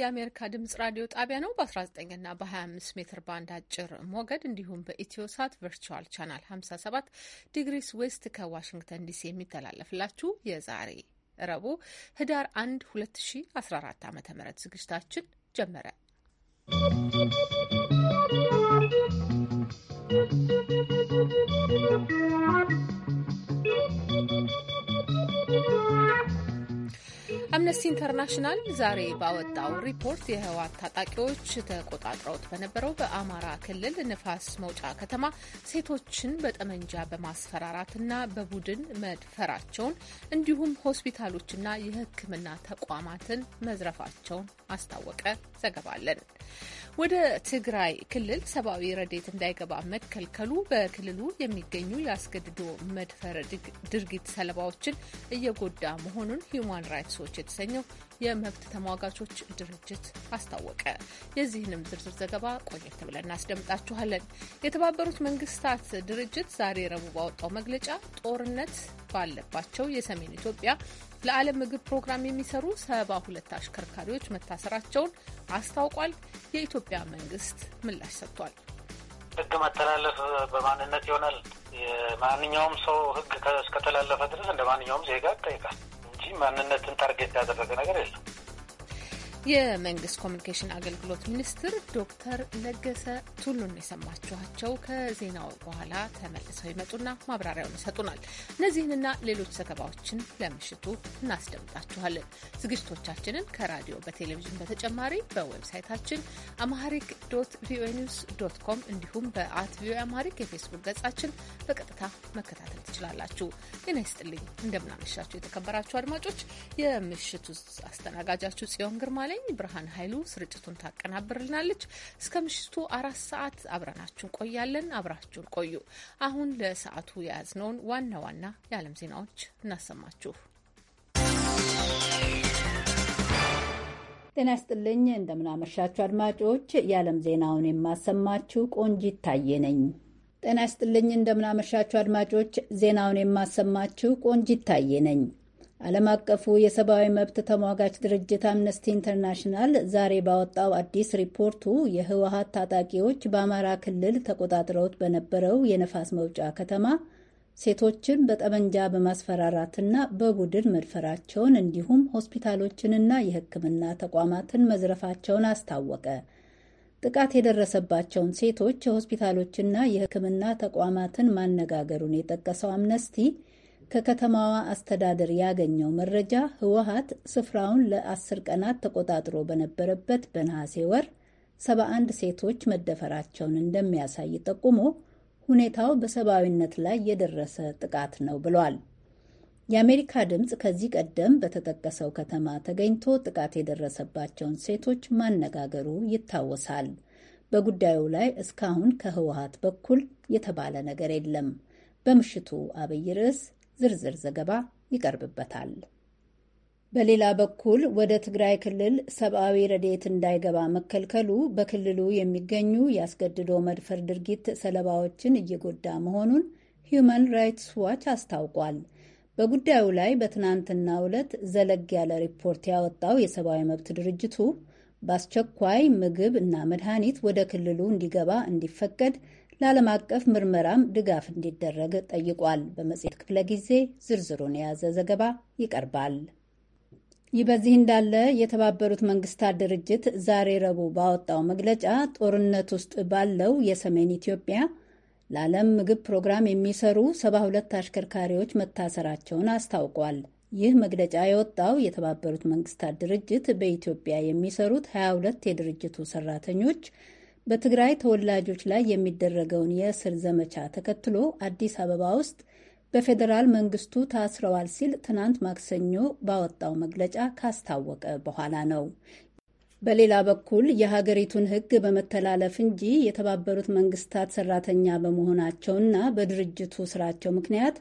የአሜሪካ ድምጽ ራዲዮ ጣቢያ ነው። በ19 እና በ25 ሜትር ባንድ አጭር ሞገድ እንዲሁም በኢትዮ ሳት ቨርቹዋል ቻናል 57 ዲግሪስ ዌስት ከዋሽንግተን ዲሲ የሚተላለፍላችሁ የዛሬ ረቡዕ ህዳር 1 2014 ዓ ም ዝግጅታችን ጀመረ። ¶¶ አምነስቲ ኢንተርናሽናል ዛሬ ባወጣው ሪፖርት የህወሓት ታጣቂዎች ተቆጣጥረውት በነበረው በአማራ ክልል ንፋስ መውጫ ከተማ ሴቶችን በጠመንጃ በማስፈራራትና በቡድን መድፈራቸውን እንዲሁም ሆስፒታሎችና የሕክምና ተቋማትን መዝረፋቸውን አስታወቀ። ዘገባለን። ወደ ትግራይ ክልል ሰብአዊ ረዴት እንዳይገባ መከልከሉ በክልሉ የሚገኙ የአስገድዶ መድፈር ድርጊት ሰለባዎችን እየጎዳ መሆኑን ሂዩማን ራይትስ ዎች የተሰኘው የመብት ተሟጋቾች ድርጅት አስታወቀ። የዚህንም ዝርዝር ዘገባ ቆየት ብለን እናስደምጣችኋለን። የተባበሩት መንግስታት ድርጅት ዛሬ ረቡዕ ባወጣው መግለጫ ጦርነት ባለባቸው የሰሜን ኢትዮጵያ ለዓለም ምግብ ፕሮግራም የሚሰሩ ሰባ ሁለት አሽከርካሪዎች መታሰራቸውን አስታውቋል። የኢትዮጵያ መንግስት ምላሽ ሰጥቷል። ህግ መተላለፍ በማንነት ይሆናል። የማንኛውም ሰው ህግ እስከተላለፈ ድረስ እንደ ማንኛውም ዜጋ ይጠይቃል። እንጂ ማንነትን ታርጌት ያደረገ ነገር የለም። የመንግስት ኮሚኒኬሽን አገልግሎት ሚኒስትር ዶክተር ለገሰ ቱሉን የሰማችኋቸው። ከዜናው በኋላ ተመልሰው ይመጡና ማብራሪያውን ይሰጡናል። እነዚህንና ሌሎች ዘገባዎችን ለምሽቱ እናስደምጣችኋለን። ዝግጅቶቻችንን ከራዲዮ በቴሌቪዥን በተጨማሪ በዌብሳይታችን አማሪክ ዶት ቪኦኤ ኒውስ ዶት ኮም እንዲሁም በአት ቪኦኤ አማሪክ የፌስቡክ ገጻችን በቀጥታ መከታተል ትችላላችሁ። ጤና ይስጥልኝ፣ እንደምናመሻችሁ የተከበራችሁ አድማጮች። የምሽቱ አስተናጋጃችሁ ጽዮን ግርማ ደሳለኝ ብርሃን ኃይሉ ስርጭቱን ታቀናብርልናለች። እስከ ምሽቱ አራት ሰዓት አብረናችሁን ቆያለን። አብራችሁን ቆዩ። አሁን ለሰዓቱ የያዝነውን ዋና ዋና የዓለም ዜናዎች እናሰማችሁ። ጤና ይስጥልኝ። እንደምናመሻችሁ አድማጮች፣ የዓለም ዜናውን የማሰማችሁ ቆንጂት ታየ ነኝ። ጤና ይስጥልኝ። እንደምናመሻችሁ አድማጮች፣ ዜናውን የማሰማችሁ ቆንጂት ታየ ነኝ። ዓለም አቀፉ የሰብአዊ መብት ተሟጋች ድርጅት አምነስቲ ኢንተርናሽናል ዛሬ ባወጣው አዲስ ሪፖርቱ የህወሀት ታጣቂዎች በአማራ ክልል ተቆጣጥረውት በነበረው የነፋስ መውጫ ከተማ ሴቶችን በጠመንጃ በማስፈራራትና በቡድን መድፈራቸውን እንዲሁም ሆስፒታሎችንና የሕክምና ተቋማትን መዝረፋቸውን አስታወቀ። ጥቃት የደረሰባቸውን ሴቶች ሆስፒታሎችና የሕክምና ተቋማትን ማነጋገሩን የጠቀሰው አምነስቲ ከከተማዋ አስተዳደር ያገኘው መረጃ ህወሀት ስፍራውን ለአስር ቀናት ተቆጣጥሮ በነበረበት በነሐሴ ወር 71 ሴቶች መደፈራቸውን እንደሚያሳይ ጠቁሞ ሁኔታው በሰብአዊነት ላይ የደረሰ ጥቃት ነው ብሏል። የአሜሪካ ድምፅ ከዚህ ቀደም በተጠቀሰው ከተማ ተገኝቶ ጥቃት የደረሰባቸውን ሴቶች ማነጋገሩ ይታወሳል። በጉዳዩ ላይ እስካሁን ከህወሀት በኩል የተባለ ነገር የለም። በምሽቱ አብይ ርዕስ ዝርዝር ዘገባ ይቀርብበታል። በሌላ በኩል ወደ ትግራይ ክልል ሰብአዊ ረድኤት እንዳይገባ መከልከሉ በክልሉ የሚገኙ የአስገድዶ መድፈር ድርጊት ሰለባዎችን እየጎዳ መሆኑን ሂዩማን ራይትስ ዋች አስታውቋል። በጉዳዩ ላይ በትናንትናው ዕለት ዘለግ ያለ ሪፖርት ያወጣው የሰብአዊ መብት ድርጅቱ በአስቸኳይ ምግብ እና መድኃኒት ወደ ክልሉ እንዲገባ እንዲፈቀድ ለዓለም አቀፍ ምርመራም ድጋፍ እንዲደረግ ጠይቋል። በመጽሔት ክፍለ ጊዜ ዝርዝሩን የያዘ ዘገባ ይቀርባል። ይህ በዚህ እንዳለ የተባበሩት መንግስታት ድርጅት ዛሬ ረቡዕ ባወጣው መግለጫ ጦርነት ውስጥ ባለው የሰሜን ኢትዮጵያ ለዓለም ምግብ ፕሮግራም የሚሰሩ 72 አሽከርካሪዎች መታሰራቸውን አስታውቋል። ይህ መግለጫ የወጣው የተባበሩት መንግስታት ድርጅት በኢትዮጵያ የሚሰሩት 22 የድርጅቱ ሰራተኞች በትግራይ ተወላጆች ላይ የሚደረገውን የእስር ዘመቻ ተከትሎ አዲስ አበባ ውስጥ በፌዴራል መንግስቱ ታስረዋል ሲል ትናንት ማክሰኞ ባወጣው መግለጫ ካስታወቀ በኋላ ነው። በሌላ በኩል የሀገሪቱን ሕግ በመተላለፍ እንጂ የተባበሩት መንግስታት ሰራተኛ በመሆናቸውና በድርጅቱ ስራቸው ምክንያት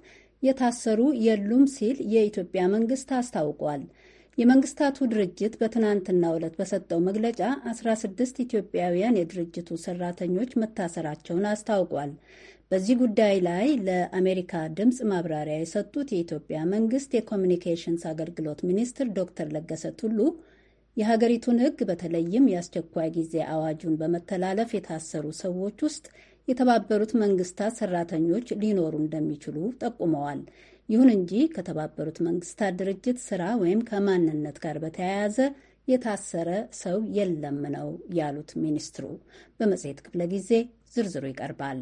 የታሰሩ የሉም ሲል የኢትዮጵያ መንግስት አስታውቋል። የመንግስታቱ ድርጅት በትናንትናው ዕለት በሰጠው መግለጫ 16 ኢትዮጵያውያን የድርጅቱ ሰራተኞች መታሰራቸውን አስታውቋል። በዚህ ጉዳይ ላይ ለአሜሪካ ድምፅ ማብራሪያ የሰጡት የኢትዮጵያ መንግስት የኮሚኒኬሽንስ አገልግሎት ሚኒስትር ዶክተር ለገሰ ቱሉ የሀገሪቱን ሕግ በተለይም የአስቸኳይ ጊዜ አዋጁን በመተላለፍ የታሰሩ ሰዎች ውስጥ የተባበሩት መንግስታት ሰራተኞች ሊኖሩ እንደሚችሉ ጠቁመዋል። ይሁን እንጂ ከተባበሩት መንግስታት ድርጅት ስራ ወይም ከማንነት ጋር በተያያዘ የታሰረ ሰው የለም ነው ያሉት ሚኒስትሩ። በመጽሔት ክፍለ ጊዜ ዝርዝሩ ይቀርባል።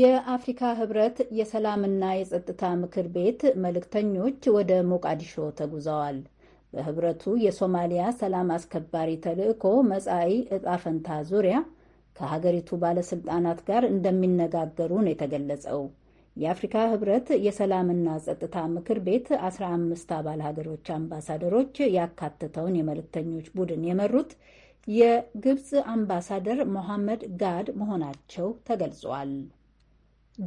የአፍሪካ ህብረት የሰላምና የጸጥታ ምክር ቤት መልእክተኞች ወደ ሞቃዲሾ ተጉዘዋል። በህብረቱ የሶማሊያ ሰላም አስከባሪ ተልዕኮ መጻኢ እጣፈንታ ዙሪያ ከሀገሪቱ ባለስልጣናት ጋር እንደሚነጋገሩ ነው የተገለጸው። የአፍሪካ ህብረት የሰላምና ጸጥታ ምክር ቤት 15 አባል ሀገሮች አምባሳደሮች ያካተተውን የመልእክተኞች ቡድን የመሩት የግብፅ አምባሳደር ሞሐመድ ጋድ መሆናቸው ተገልጿል።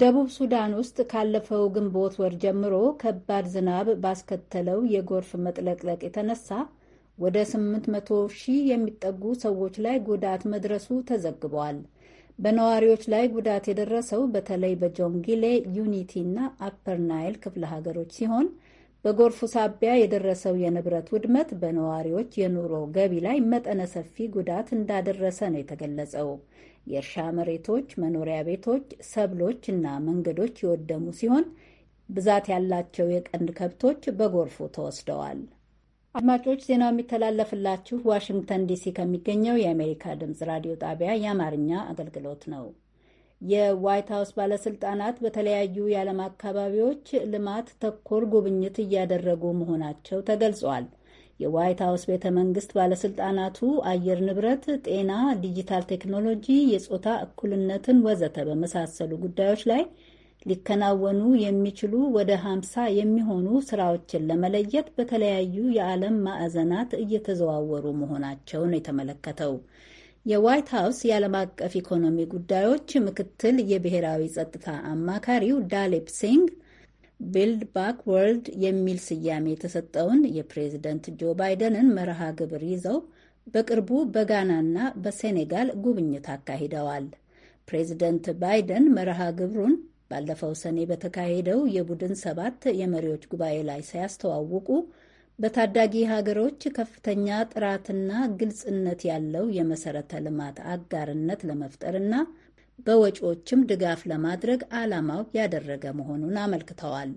ደቡብ ሱዳን ውስጥ ካለፈው ግንቦት ወር ጀምሮ ከባድ ዝናብ ባስከተለው የጎርፍ መጥለቅለቅ የተነሳ ወደ 800 ሺህ የሚጠጉ ሰዎች ላይ ጉዳት መድረሱ ተዘግቧል። በነዋሪዎች ላይ ጉዳት የደረሰው በተለይ በጆንጊሌ ዩኒቲ እና አፐር ናይል ክፍለ ሀገሮች ሲሆን በጎርፉ ሳቢያ የደረሰው የንብረት ውድመት በነዋሪዎች የኑሮ ገቢ ላይ መጠነ ሰፊ ጉዳት እንዳደረሰ ነው የተገለጸው። የእርሻ መሬቶች፣ መኖሪያ ቤቶች፣ ሰብሎች እና መንገዶች የወደሙ ሲሆን ብዛት ያላቸው የቀንድ ከብቶች በጎርፉ ተወስደዋል። አድማጮች ዜናው የሚተላለፍላችሁ ዋሽንግተን ዲሲ ከሚገኘው የአሜሪካ ድምፅ ራዲዮ ጣቢያ የአማርኛ አገልግሎት ነው። የዋይት ሀውስ ባለስልጣናት በተለያዩ የዓለም አካባቢዎች ልማት ተኮር ጉብኝት እያደረጉ መሆናቸው ተገልጿል። የዋይት ሀውስ ቤተ መንግስት ባለስልጣናቱ አየር ንብረት፣ ጤና፣ ዲጂታል ቴክኖሎጂ፣ የጾታ እኩልነትን ወዘተ በመሳሰሉ ጉዳዮች ላይ ሊከናወኑ የሚችሉ ወደ 50 የሚሆኑ ስራዎችን ለመለየት በተለያዩ የዓለም ማዕዘናት እየተዘዋወሩ መሆናቸውን የተመለከተው የዋይት ሀውስ የዓለም አቀፍ ኢኮኖሚ ጉዳዮች ምክትል የብሔራዊ ጸጥታ አማካሪው ዳሊፕ ሲንግ ቢልድ ባክ ወርልድ የሚል ስያሜ የተሰጠውን የፕሬዝደንት ጆ ባይደንን መርሃ ግብር ይዘው በቅርቡ በጋናና በሴኔጋል ጉብኝት አካሂደዋል። ፕሬዝደንት ባይደን መርሃ ግብሩን ባለፈው ሰኔ በተካሄደው የቡድን ሰባት የመሪዎች ጉባኤ ላይ ሲያስተዋውቁ በታዳጊ ሀገሮች ከፍተኛ ጥራትና ግልጽነት ያለው የመሰረተ ልማት አጋርነት ለመፍጠርና በወጪዎችም ድጋፍ ለማድረግ ዓላማው ያደረገ መሆኑን አመልክተዋል።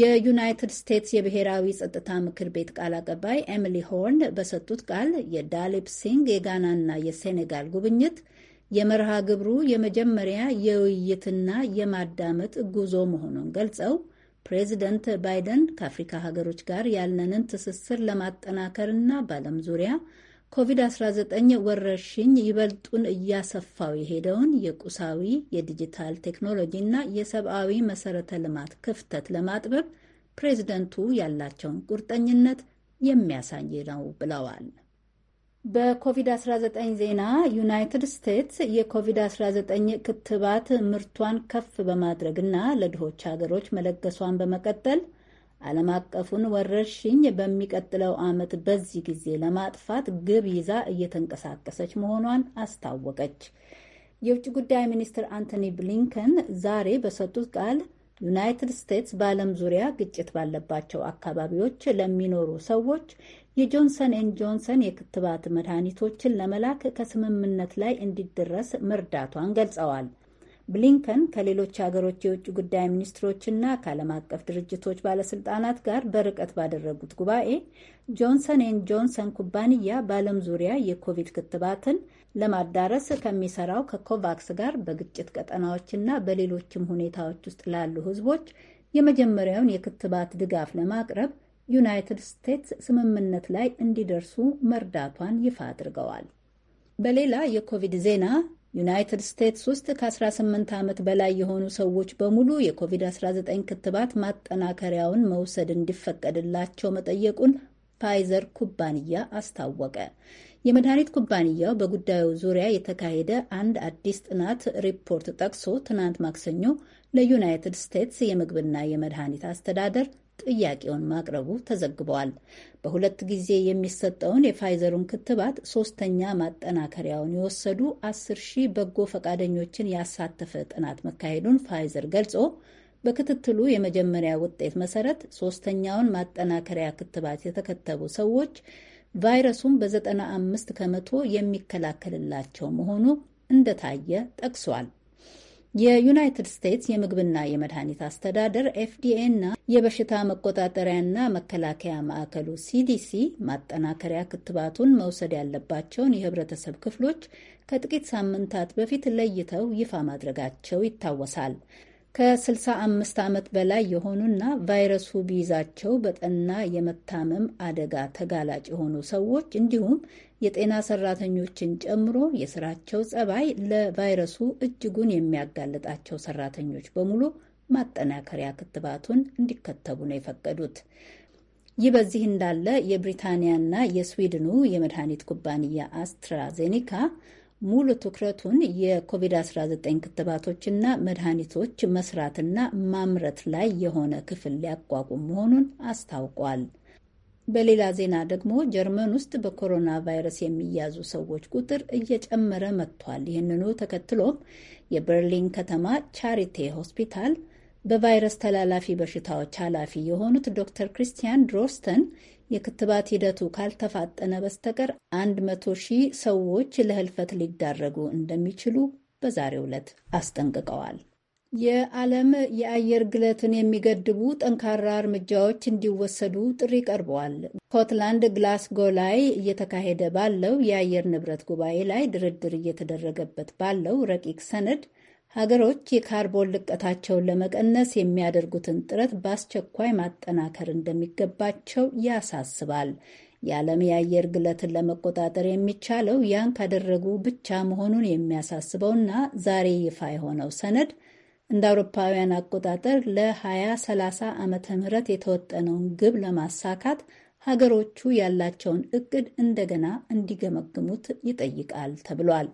የዩናይትድ ስቴትስ የብሔራዊ ጸጥታ ምክር ቤት ቃል አቀባይ ኤሚሊ ሆርን በሰጡት ቃል የዳሊፕ ሲንግ የጋናና የሴኔጋል ጉብኝት የመርሃ ግብሩ የመጀመሪያ የውይይትና የማዳመጥ ጉዞ መሆኑን ገልጸው ፕሬዚደንት ባይደን ከአፍሪካ ሀገሮች ጋር ያለንን ትስስር ለማጠናከርና በዓለም ዙሪያ ኮቪድ-19 ወረርሽኝ ይበልጡን እያሰፋው የሄደውን የቁሳዊ የዲጂታል ቴክኖሎጂና የሰብአዊ መሰረተ ልማት ክፍተት ለማጥበብ ፕሬዝደንቱ ያላቸውን ቁርጠኝነት የሚያሳይ ነው ብለዋል። በኮቪድ-19 ዜና ዩናይትድ ስቴትስ የኮቪድ-19 ክትባት ምርቷን ከፍ በማድረግ እና ለድሆች ሀገሮች መለገሷን በመቀጠል ዓለም አቀፉን ወረርሽኝ በሚቀጥለው ዓመት በዚህ ጊዜ ለማጥፋት ግብ ይዛ እየተንቀሳቀሰች መሆኗን አስታወቀች። የውጭ ጉዳይ ሚኒስትር አንቶኒ ብሊንከን ዛሬ በሰጡት ቃል ዩናይትድ ስቴትስ በዓለም ዙሪያ ግጭት ባለባቸው አካባቢዎች ለሚኖሩ ሰዎች የጆንሰን ኤን ጆንሰን የክትባት መድኃኒቶችን ለመላክ ከስምምነት ላይ እንዲደረስ መርዳቷን ገልጸዋል። ብሊንከን ከሌሎች ሀገሮች የውጭ ጉዳይ ሚኒስትሮችና ከዓለም አቀፍ ድርጅቶች ባለስልጣናት ጋር በርቀት ባደረጉት ጉባኤ ጆንሰን ኤን ጆንሰን ኩባንያ በዓለም ዙሪያ የኮቪድ ክትባትን ለማዳረስ ከሚሰራው ከኮቫክስ ጋር በግጭት ቀጠናዎችና በሌሎችም ሁኔታዎች ውስጥ ላሉ ሕዝቦች የመጀመሪያውን የክትባት ድጋፍ ለማቅረብ ዩናይትድ ስቴትስ ስምምነት ላይ እንዲደርሱ መርዳቷን ይፋ አድርገዋል። በሌላ የኮቪድ ዜና ዩናይትድ ስቴትስ ውስጥ ከ18 ዓመት በላይ የሆኑ ሰዎች በሙሉ የኮቪድ-19 ክትባት ማጠናከሪያውን መውሰድ እንዲፈቀድላቸው መጠየቁን ፋይዘር ኩባንያ አስታወቀ። የመድኃኒት ኩባንያው በጉዳዩ ዙሪያ የተካሄደ አንድ አዲስ ጥናት ሪፖርት ጠቅሶ ትናንት ማክሰኞ ለዩናይትድ ስቴትስ የምግብና የመድኃኒት አስተዳደር ጥያቄውን ማቅረቡ ተዘግበዋል። በሁለት ጊዜ የሚሰጠውን የፋይዘሩን ክትባት ሶስተኛ ማጠናከሪያውን የወሰዱ አስር ሺህ በጎ ፈቃደኞችን ያሳተፈ ጥናት መካሄዱን ፋይዘር ገልጾ በክትትሉ የመጀመሪያ ውጤት መሰረት ሶስተኛውን ማጠናከሪያ ክትባት የተከተቡ ሰዎች ቫይረሱን በዘጠና 95 ከመቶ የሚከላከልላቸው መሆኑ እንደታየ ጠቅሷል። የዩናይትድ ስቴትስ የምግብና የመድኃኒት አስተዳደር ኤፍዲኤ እና የበሽታ መቆጣጠሪያና መከላከያ ማዕከሉ ሲዲሲ ማጠናከሪያ ክትባቱን መውሰድ ያለባቸውን የህብረተሰብ ክፍሎች ከጥቂት ሳምንታት በፊት ለይተው ይፋ ማድረጋቸው ይታወሳል። ከ65 ዓመት በላይ የሆኑና ቫይረሱ ቢይዛቸው በጠና የመታመም አደጋ ተጋላጭ የሆኑ ሰዎች እንዲሁም የጤና ሰራተኞችን ጨምሮ የስራቸው ጸባይ ለቫይረሱ እጅጉን የሚያጋልጣቸው ሰራተኞች በሙሉ ማጠናከሪያ ክትባቱን እንዲከተቡ ነው የፈቀዱት። ይህ በዚህ እንዳለ የብሪታንያና የስዊድኑ የመድኃኒት ኩባንያ አስትራዜኒካ ሙሉ ትኩረቱን የኮቪድ-19 ክትባቶችና መድኃኒቶች መስራትና ማምረት ላይ የሆነ ክፍል ሊያቋቁም መሆኑን አስታውቋል። በሌላ ዜና ደግሞ ጀርመን ውስጥ በኮሮና ቫይረስ የሚያዙ ሰዎች ቁጥር እየጨመረ መጥቷል። ይህንኑ ተከትሎም የበርሊን ከተማ ቻሪቴ ሆስፒታል በቫይረስ ተላላፊ በሽታዎች ኃላፊ የሆኑት ዶክተር ክሪስቲያን ድሮስተን የክትባት ሂደቱ ካልተፋጠነ በስተቀር 100 ሺህ ሰዎች ለህልፈት ሊዳረጉ እንደሚችሉ በዛሬው ዕለት አስጠንቅቀዋል። የዓለም የአየር ግለትን የሚገድቡ ጠንካራ እርምጃዎች እንዲወሰዱ ጥሪ ቀርበዋል። ስኮትላንድ ግላስጎ ላይ እየተካሄደ ባለው የአየር ንብረት ጉባኤ ላይ ድርድር እየተደረገበት ባለው ረቂቅ ሰነድ ሀገሮች የካርቦን ልቀታቸውን ለመቀነስ የሚያደርጉትን ጥረት በአስቸኳይ ማጠናከር እንደሚገባቸው ያሳስባል። የዓለም የአየር ግለትን ለመቆጣጠር የሚቻለው ያን ካደረጉ ብቻ መሆኑን የሚያሳስበውና ዛሬ ይፋ የሆነው ሰነድ እንደ አውሮፓውያን አቆጣጠር ለ2030 ዓመተ ምህረት የተወጠነውን ግብ ለማሳካት ሀገሮቹ ያላቸውን እቅድ እንደገና እንዲገመግሙት ይጠይቃል ተብሏል።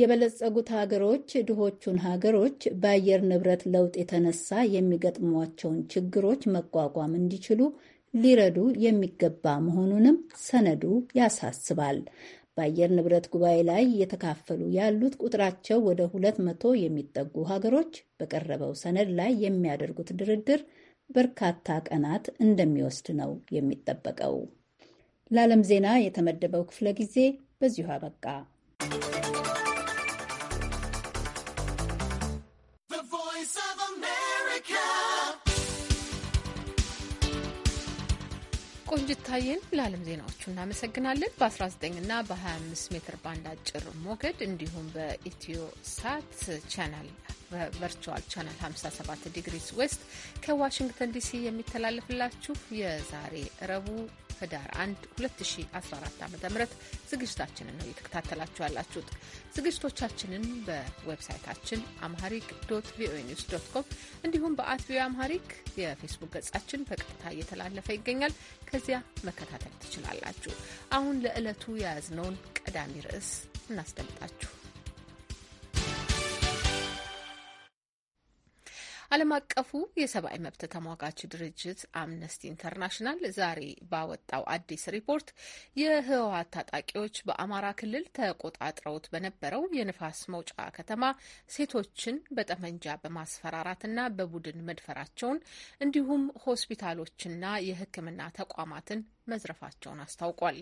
የበለጸጉት ሀገሮች ድሆቹን ሀገሮች በአየር ንብረት ለውጥ የተነሳ የሚገጥሟቸውን ችግሮች መቋቋም እንዲችሉ ሊረዱ የሚገባ መሆኑንም ሰነዱ ያሳስባል። በአየር ንብረት ጉባኤ ላይ እየተካፈሉ ያሉት ቁጥራቸው ወደ ሁለት መቶ የሚጠጉ ሀገሮች በቀረበው ሰነድ ላይ የሚያደርጉት ድርድር በርካታ ቀናት እንደሚወስድ ነው የሚጠበቀው። ለዓለም ዜና የተመደበው ክፍለ ጊዜ በዚሁ አበቃ። ቆንጅት ታየን ለዓለም ዜናዎቹ እናመሰግናለን። በ19ና በ25 ሜትር ባንድ አጭር ሞገድ እንዲሁም በኢትዮ ሳት ቻናል ቨርቹዋል ቻናል 57 ዲግሪስ ዌስት ከዋሽንግተን ዲሲ የሚተላለፍላችሁ የዛሬ ረቡዕ ህዳር 1 2014 ዓ ም ዝግጅታችንን ነው እየተከታተላችሁ ያላችሁት። ዝግጅቶቻችንን በዌብሳይታችን አምሃሪክ ዶት ቪኦኤ ኒውስ ዶት ኮም እንዲሁም በአት ቪኦኤ አምሃሪክ የፌስቡክ ገጻችን በቀጥታ እየተላለፈ ይገኛል። ከዚያ መከታተል ትችላላችሁ። አሁን ለዕለቱ የያዝነውን ቀዳሚ ርዕስ እናስደምጣችሁ። ዓለም አቀፉ የሰብአዊ መብት ተሟጋች ድርጅት አምነስቲ ኢንተርናሽናል ዛሬ ባወጣው አዲስ ሪፖርት የህወሀት ታጣቂዎች በአማራ ክልል ተቆጣጥረውት በነበረው የንፋስ መውጫ ከተማ ሴቶችን በጠመንጃ በማስፈራራትና በቡድን መድፈራቸውን እንዲሁም ሆስፒታሎችና የሕክምና ተቋማትን መዝረፋቸውን አስታውቋል።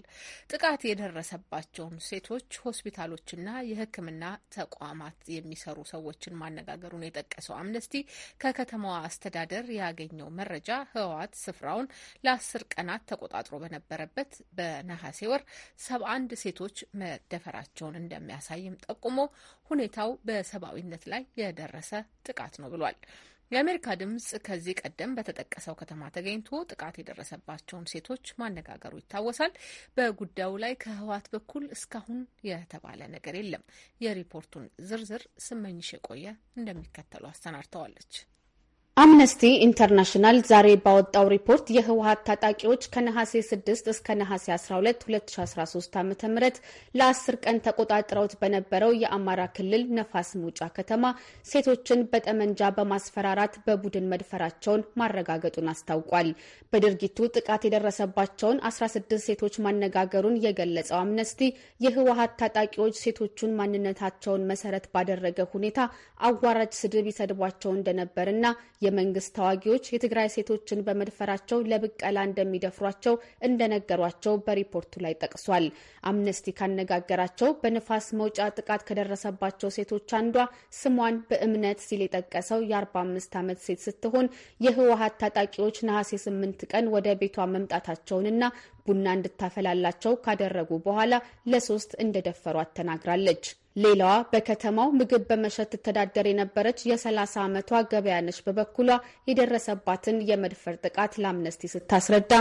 ጥቃት የደረሰባቸውን ሴቶች ሆስፒታሎችና የሕክምና ተቋማት የሚሰሩ ሰዎችን ማነጋገሩን የጠቀሰው አምነስቲ ከከተማዋ አስተዳደር ያገኘው መረጃ ህወሓት ስፍራውን ለአስር ቀናት ተቆጣጥሮ በነበረበት በነሐሴ ወር ሰባ አንድ ሴቶች መደፈራቸውን እንደሚያሳይም ጠቁሞ ሁኔታው በሰብአዊነት ላይ የደረሰ ጥቃት ነው ብሏል። የአሜሪካ ድምጽ ከዚህ ቀደም በተጠቀሰው ከተማ ተገኝቶ ጥቃት የደረሰባቸውን ሴቶች ማነጋገሩ ይታወሳል። በጉዳዩ ላይ ከህወሓት በኩል እስካሁን የተባለ ነገር የለም። የሪፖርቱን ዝርዝር ስመኝሽ የቆየ እንደሚከተሉ አሰናድተዋለች። አምነስቲ ኢንተርናሽናል ዛሬ ባወጣው ሪፖርት የህወሀት ታጣቂዎች ከነሐሴ 6 እስከ ነሐሴ 12 2013 ዓ ም ለአስር ቀን ተቆጣጥረውት በነበረው የአማራ ክልል ነፋስ መውጫ ከተማ ሴቶችን በጠመንጃ በማስፈራራት በቡድን መድፈራቸውን ማረጋገጡን አስታውቋል። በድርጊቱ ጥቃት የደረሰባቸውን 16 ሴቶች ማነጋገሩን የገለጸው አምነስቲ የህወሀት ታጣቂዎች ሴቶቹን ማንነታቸውን መሰረት ባደረገ ሁኔታ አዋራጅ ስድብ ይሰድቧቸው እንደነበርና የመንግስት ተዋጊዎች የትግራይ ሴቶችን በመድፈራቸው ለብቀላ እንደሚደፍሯቸው እንደነገሯቸው በሪፖርቱ ላይ ጠቅሷል። አምነስቲ ካነጋገራቸው በንፋስ መውጫ ጥቃት ከደረሰባቸው ሴቶች አንዷ ስሟን በእምነት ሲል የጠቀሰው የ45 ዓመት ሴት ስትሆን የህወሀት ታጣቂዎች ነሐሴ 8 ቀን ወደ ቤቷ መምጣታቸውንና ቡና እንድታፈላላቸው ካደረጉ በኋላ ለሶስት እንደደፈሯት ተናግራለች። ሌላዋ በከተማው ምግብ በመሸጥ ትተዳደር የነበረች የ30 ዓመቷ ገበያነች በበኩሏ የደረሰባትን የመድፈር ጥቃት ለአምነስቲ ስታስረዳ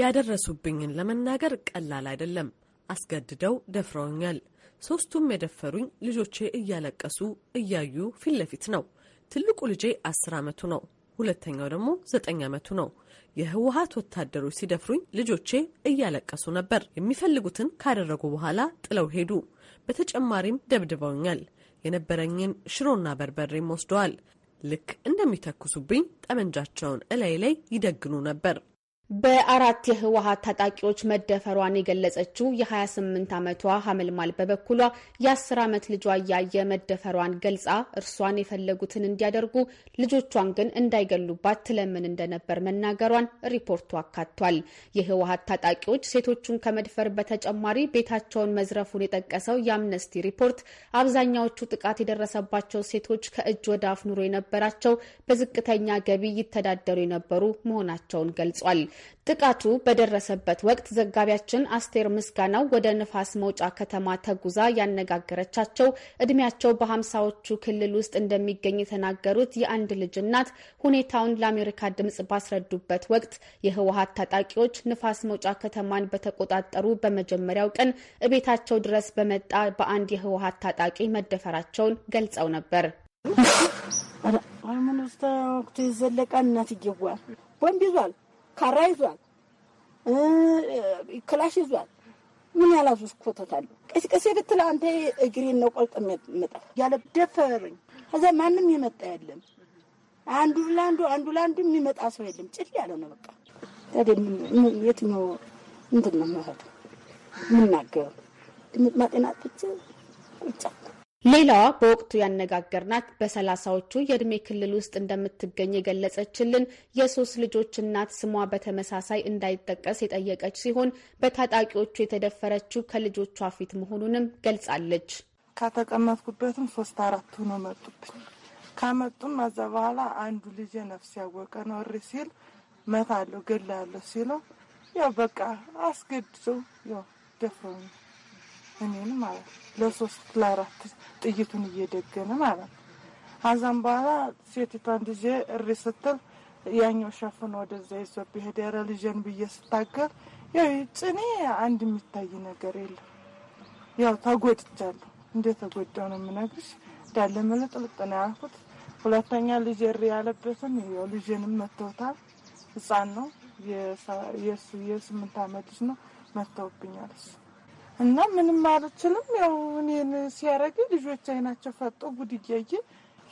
ያደረሱብኝን ለመናገር ቀላል አይደለም። አስገድደው ደፍረውኛል። ሶስቱም የደፈሩኝ ልጆቼ እያለቀሱ እያዩ ፊት ለፊት ነው። ትልቁ ልጄ አስር ዓመቱ ነው። ሁለተኛው ደግሞ ዘጠኝ ዓመቱ ነው። የህወሀት ወታደሮች ሲደፍሩኝ ልጆቼ እያለቀሱ ነበር። የሚፈልጉትን ካደረጉ በኋላ ጥለው ሄዱ። በተጨማሪም ደብድበውኛል። የነበረኝን ሽሮና በርበሬም ወስደዋል። ልክ እንደሚተኩሱብኝ ጠመንጃቸውን እላይ ላይ ይደግኑ ነበር። በአራት የህወሀት ታጣቂዎች መደፈሯን የገለጸችው የ28 ዓመቷ ሀመልማል በበኩሏ የ10 ዓመት ልጇ እያየ መደፈሯን ገልጻ እርሷን የፈለጉትን እንዲያደርጉ ልጆቿን ግን እንዳይገሉባት ትለምን እንደነበር መናገሯን ሪፖርቱ አካቷል። የህወሀት ታጣቂዎች ሴቶቹን ከመድፈር በተጨማሪ ቤታቸውን መዝረፉን የጠቀሰው የአምነስቲ ሪፖርት አብዛኛዎቹ ጥቃት የደረሰባቸው ሴቶች ከእጅ ወደ አፍ ኑሮ የነበራቸው በዝቅተኛ ገቢ ይተዳደሩ የነበሩ መሆናቸውን ገልጿል። ጥቃቱ በደረሰበት ወቅት ዘጋቢያችን አስቴር ምስጋናው ወደ ንፋስ መውጫ ከተማ ተጉዛ ያነጋገረቻቸው እድሜያቸው በሀምሳዎቹ ክልል ውስጥ እንደሚገኝ የተናገሩት የአንድ ልጅ እናት ሁኔታውን ለአሜሪካ ድምጽ ባስረዱበት ወቅት የህወሀት ታጣቂዎች ንፋስ መውጫ ከተማን በተቆጣጠሩ በመጀመሪያው ቀን እቤታቸው ድረስ በመጣ በአንድ የህወሀት ታጣቂ መደፈራቸውን ገልጸው ነበር። አሁን ውስጥ ወቅቱ ይዘለቃል። እናት ይገቧል። ቦምብ ይዟል። ካራ ይዟል፣ ክላሽ ይዟል። ምን ያላዙስ ኮተታሉ ቀስቀሴ ብትል አንተ እግሬን ነው ቆልጥ መጣል ያለ ደፈረኝ። ከዛ ማንም የመጣ የለም። አንዱ ለአንዱ አንዱ ለአንዱ የሚመጣ ሰው የለም። ጭል ያለ ነው በቃ። ታዲያ የትኛው እንትን ነው መሄድ የምናገረው? ድምጥ ማጤናት ብቻ ቁጫ ሌላዋ በወቅቱ ያነጋገርናት በሰላሳዎቹ የእድሜ ክልል ውስጥ እንደምትገኝ የገለጸችልን የሶስት ልጆች እናት ስሟ በተመሳሳይ እንዳይጠቀስ የጠየቀች ሲሆን በታጣቂዎቹ የተደፈረችው ከልጆቿ ፊት መሆኑንም ገልጻለች። ከተቀመጥኩበትም ሶስት አራት ሆኖ መጡብኝ። ከመጡም ከዛ በኋላ አንዱ ልጄ ነፍስ ያወቀ ነው እሪ ሲል መታለሁ ገላለሁ ሲለው ያው በቃ አስገድዶ ያው ደፍረው እኔን ማለት ለሶስት ለአራት ጥይቱን እየደገነ ማለት ነው። አዛም በኋላ ሴቲቷን ልጄ እሪ ስትል ያኛው ሸፍን ወደዛ ይዞብ ሄደ። ኧረ ልጄን ብዬ ስታገል ያው ጭኔ አንድ የሚታይ ነገር የለም። ያው ተጎድቻለሁ። እንደ ተጎዳው ነው የምነግርሽ። እንዳለ ምልጥልጥ ነው ያልኩት። ሁለተኛ ልጄ እሪ ያለበትን ያው ልጄንም መተውታል። ህፃን ነው የሱ የስምንት አመት ልጅ ነው መተውብኛል እሱ እና ምንም አልችልም። ያው እኔን ሲያደርግ ልጆች አይናቸው ፈጦ ጉድ እያየ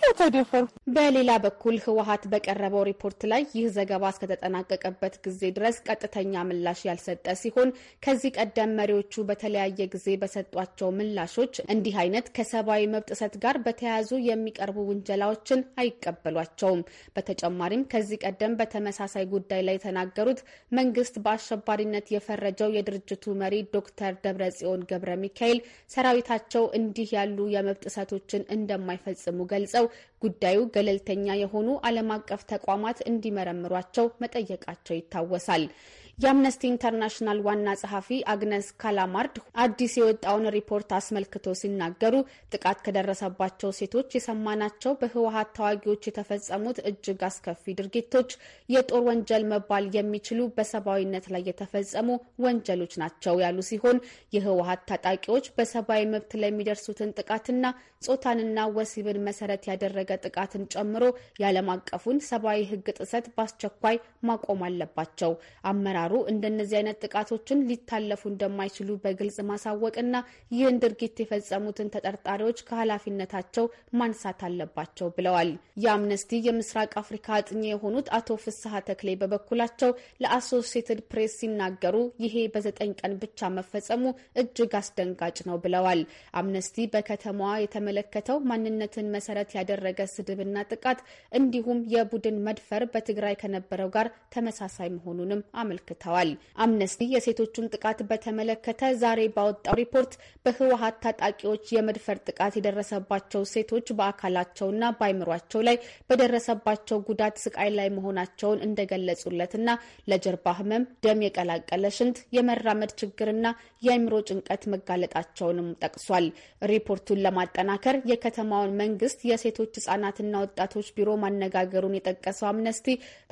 የተደፈርኩት። በሌላ በኩል ህወሀት በቀረበው ሪፖርት ላይ ይህ ዘገባ እስከተጠናቀቀበት ጊዜ ድረስ ቀጥተኛ ምላሽ ያልሰጠ ሲሆን ከዚህ ቀደም መሪዎቹ በተለያየ ጊዜ በሰጧቸው ምላሾች እንዲህ አይነት ከሰብአዊ መብት ጥሰት ጋር በተያያዙ የሚቀርቡ ውንጀላዎችን አይቀበሏቸውም። በተጨማሪም ከዚህ ቀደም በተመሳሳይ ጉዳይ ላይ የተናገሩት መንግስት በአሸባሪነት የፈረጀው የድርጅቱ መሪ ዶክተር ደብረጽዮን ገብረ ሚካኤል ሰራዊታቸው እንዲህ ያሉ የመብት ጥሰቶችን እንደማይፈጽሙ ገልጸው ጉዳዩ ገለልተኛ የሆኑ ዓለም አቀፍ ተቋማት እንዲመረምሯቸው መጠየቃቸው ይታወሳል። የአምነስቲ ኢንተርናሽናል ዋና ጸሐፊ አግነስ ካላማርድ አዲስ የወጣውን ሪፖርት አስመልክቶ ሲናገሩ ጥቃት ከደረሰባቸው ሴቶች የሰማናቸው በህወሀት ተዋጊዎች የተፈጸሙት እጅግ አስከፊ ድርጊቶች የጦር ወንጀል መባል የሚችሉ በሰብአዊነት ላይ የተፈጸሙ ወንጀሎች ናቸው ያሉ ሲሆን የህወሀት ታጣቂዎች በሰብአዊ መብት ለሚደርሱትን ጥቃትና ጾታንና ወሲብን መሰረት ያደረገ ጥቃትን ጨምሮ የዓለም አቀፉን ሰብአዊ ህግ ጥሰት በአስቸኳይ ማቆም አለባቸው አመራ አመራሩ እንደነዚህ አይነት ጥቃቶችን ሊታለፉ እንደማይችሉ በግልጽ ማሳወቅና ይህን ድርጊት የፈጸሙትን ተጠርጣሪዎች ከኃላፊነታቸው ማንሳት አለባቸው ብለዋል። የአምነስቲ የምስራቅ አፍሪካ አጥኚ የሆኑት አቶ ፍስሐ ተክሌ በበኩላቸው ለአሶሲየትድ ፕሬስ ሲናገሩ ይሄ በዘጠኝ ቀን ብቻ መፈጸሙ እጅግ አስደንጋጭ ነው ብለዋል። አምነስቲ በከተማዋ የተመለከተው ማንነትን መሰረት ያደረገ ስድብና ጥቃት እንዲሁም የቡድን መድፈር በትግራይ ከነበረው ጋር ተመሳሳይ መሆኑንም አመልክቷል። አስረድተዋል። አምነስቲ የሴቶቹን ጥቃት በተመለከተ ዛሬ ባወጣው ሪፖርት በህወሀት ታጣቂዎች የመድፈር ጥቃት የደረሰባቸው ሴቶች በአካላቸውና በአይምሯቸው ላይ በደረሰባቸው ጉዳት ስቃይ ላይ መሆናቸውን እንደገለጹለትና ለጀርባ ህመም፣ ደም የቀላቀለ ሽንት፣ የመራመድ ችግርና የአይምሮ ጭንቀት መጋለጣቸውንም ጠቅሷል። ሪፖርቱን ለማጠናከር የከተማውን መንግስት የሴቶች ህጻናትና ወጣቶች ቢሮ ማነጋገሩን የጠቀሰው አምነስቲ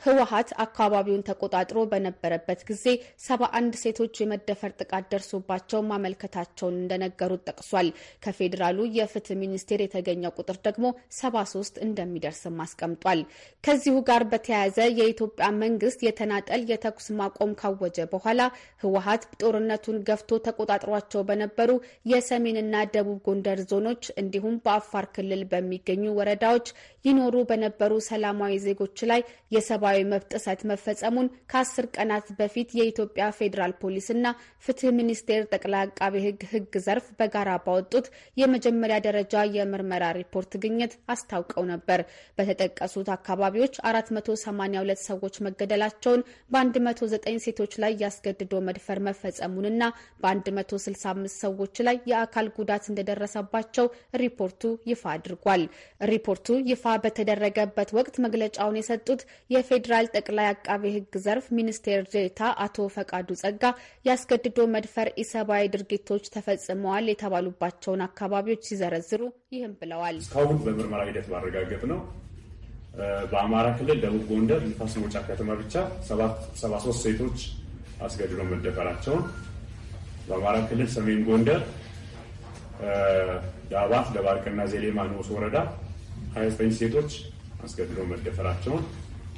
ህወሀት አካባቢውን ተቆጣጥሮ በነበረበት በነበረበት ጊዜ ሰባ አንድ ሴቶች የመደፈር ጥቃት ደርሶባቸው ማመልከታቸውን እንደነገሩት ጠቅሷል። ከፌዴራሉ የፍትህ ሚኒስቴር የተገኘው ቁጥር ደግሞ ሰባ ሶስት እንደሚደርስም አስቀምጧል። ከዚሁ ጋር በተያያዘ የኢትዮጵያ መንግስት የተናጠል የተኩስ ማቆም ካወጀ በኋላ ህወሀት ጦርነቱን ገፍቶ ተቆጣጥሯቸው በነበሩ የሰሜንና ደቡብ ጎንደር ዞኖች እንዲሁም በአፋር ክልል በሚገኙ ወረዳዎች ይኖሩ በነበሩ ሰላማዊ ዜጎች ላይ የሰብአዊ መብት ጥሰት መፈጸሙን ከአስር ቀናት በፊት የኢትዮጵያ ፌዴራል ፖሊስና ፍትህ ሚኒስቴር ጠቅላይ አቃቤ ህግ ህግ ዘርፍ በጋራ ባወጡት የመጀመሪያ ደረጃ የምርመራ ሪፖርት ግኝት አስታውቀው ነበር። በተጠቀሱት አካባቢዎች 482 ሰዎች መገደላቸውን፣ በ109 ሴቶች ላይ ያስገድዶ መድፈር መፈጸሙንና በ165 ሰዎች ላይ የአካል ጉዳት እንደደረሰባቸው ሪፖርቱ ይፋ አድርጓል። ሪፖርቱ ይፋ በተደረገበት ወቅት መግለጫውን የሰጡት የፌዴራል ጠቅላይ አቃቤ ሕግ ዘርፍ ሚኒስቴር ወሪታ አቶ ፈቃዱ ጸጋ ያስገድዶ መድፈር ኢሰብአዊ ድርጊቶች ተፈጽመዋል የተባሉባቸውን አካባቢዎች ሲዘረዝሩ ይህም ብለዋል። እስካሁን በምርመራ ሂደት ማረጋገጥ ነው። በአማራ ክልል ደቡብ ጎንደር ንፋስ መውጫ ከተማ ብቻ 73 ሴቶች አስገድዶ መደፈራቸውን፣ በአማራ ክልል ሰሜን ጎንደር ዳባት፣ ደባርቅና ዜሌማ ንዑስ ወረዳ 29 ሴቶች አስገድዶ መደፈራቸውን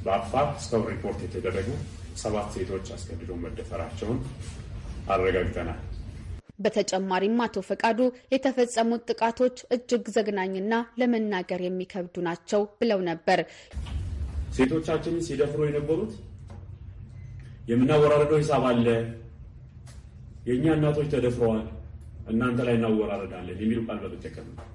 በአፋር እስካሁን ሪፖርት የተደረጉ ሰባት ሴቶች አስገድዶ መደፈራቸውን አረጋግጠናል። በተጨማሪም አቶ ፈቃዱ የተፈጸሙት ጥቃቶች እጅግ ዘግናኝና ለመናገር የሚከብዱ ናቸው ብለው ነበር። ሴቶቻችንን ሲደፍሩ የነበሩት የምናወራረደው ሂሳብ አለ፣ የእኛ እናቶች ተደፍረዋል፣ እናንተ ላይ እናወራረዳለን የሚሉ ቃል በመጠቀም ነው።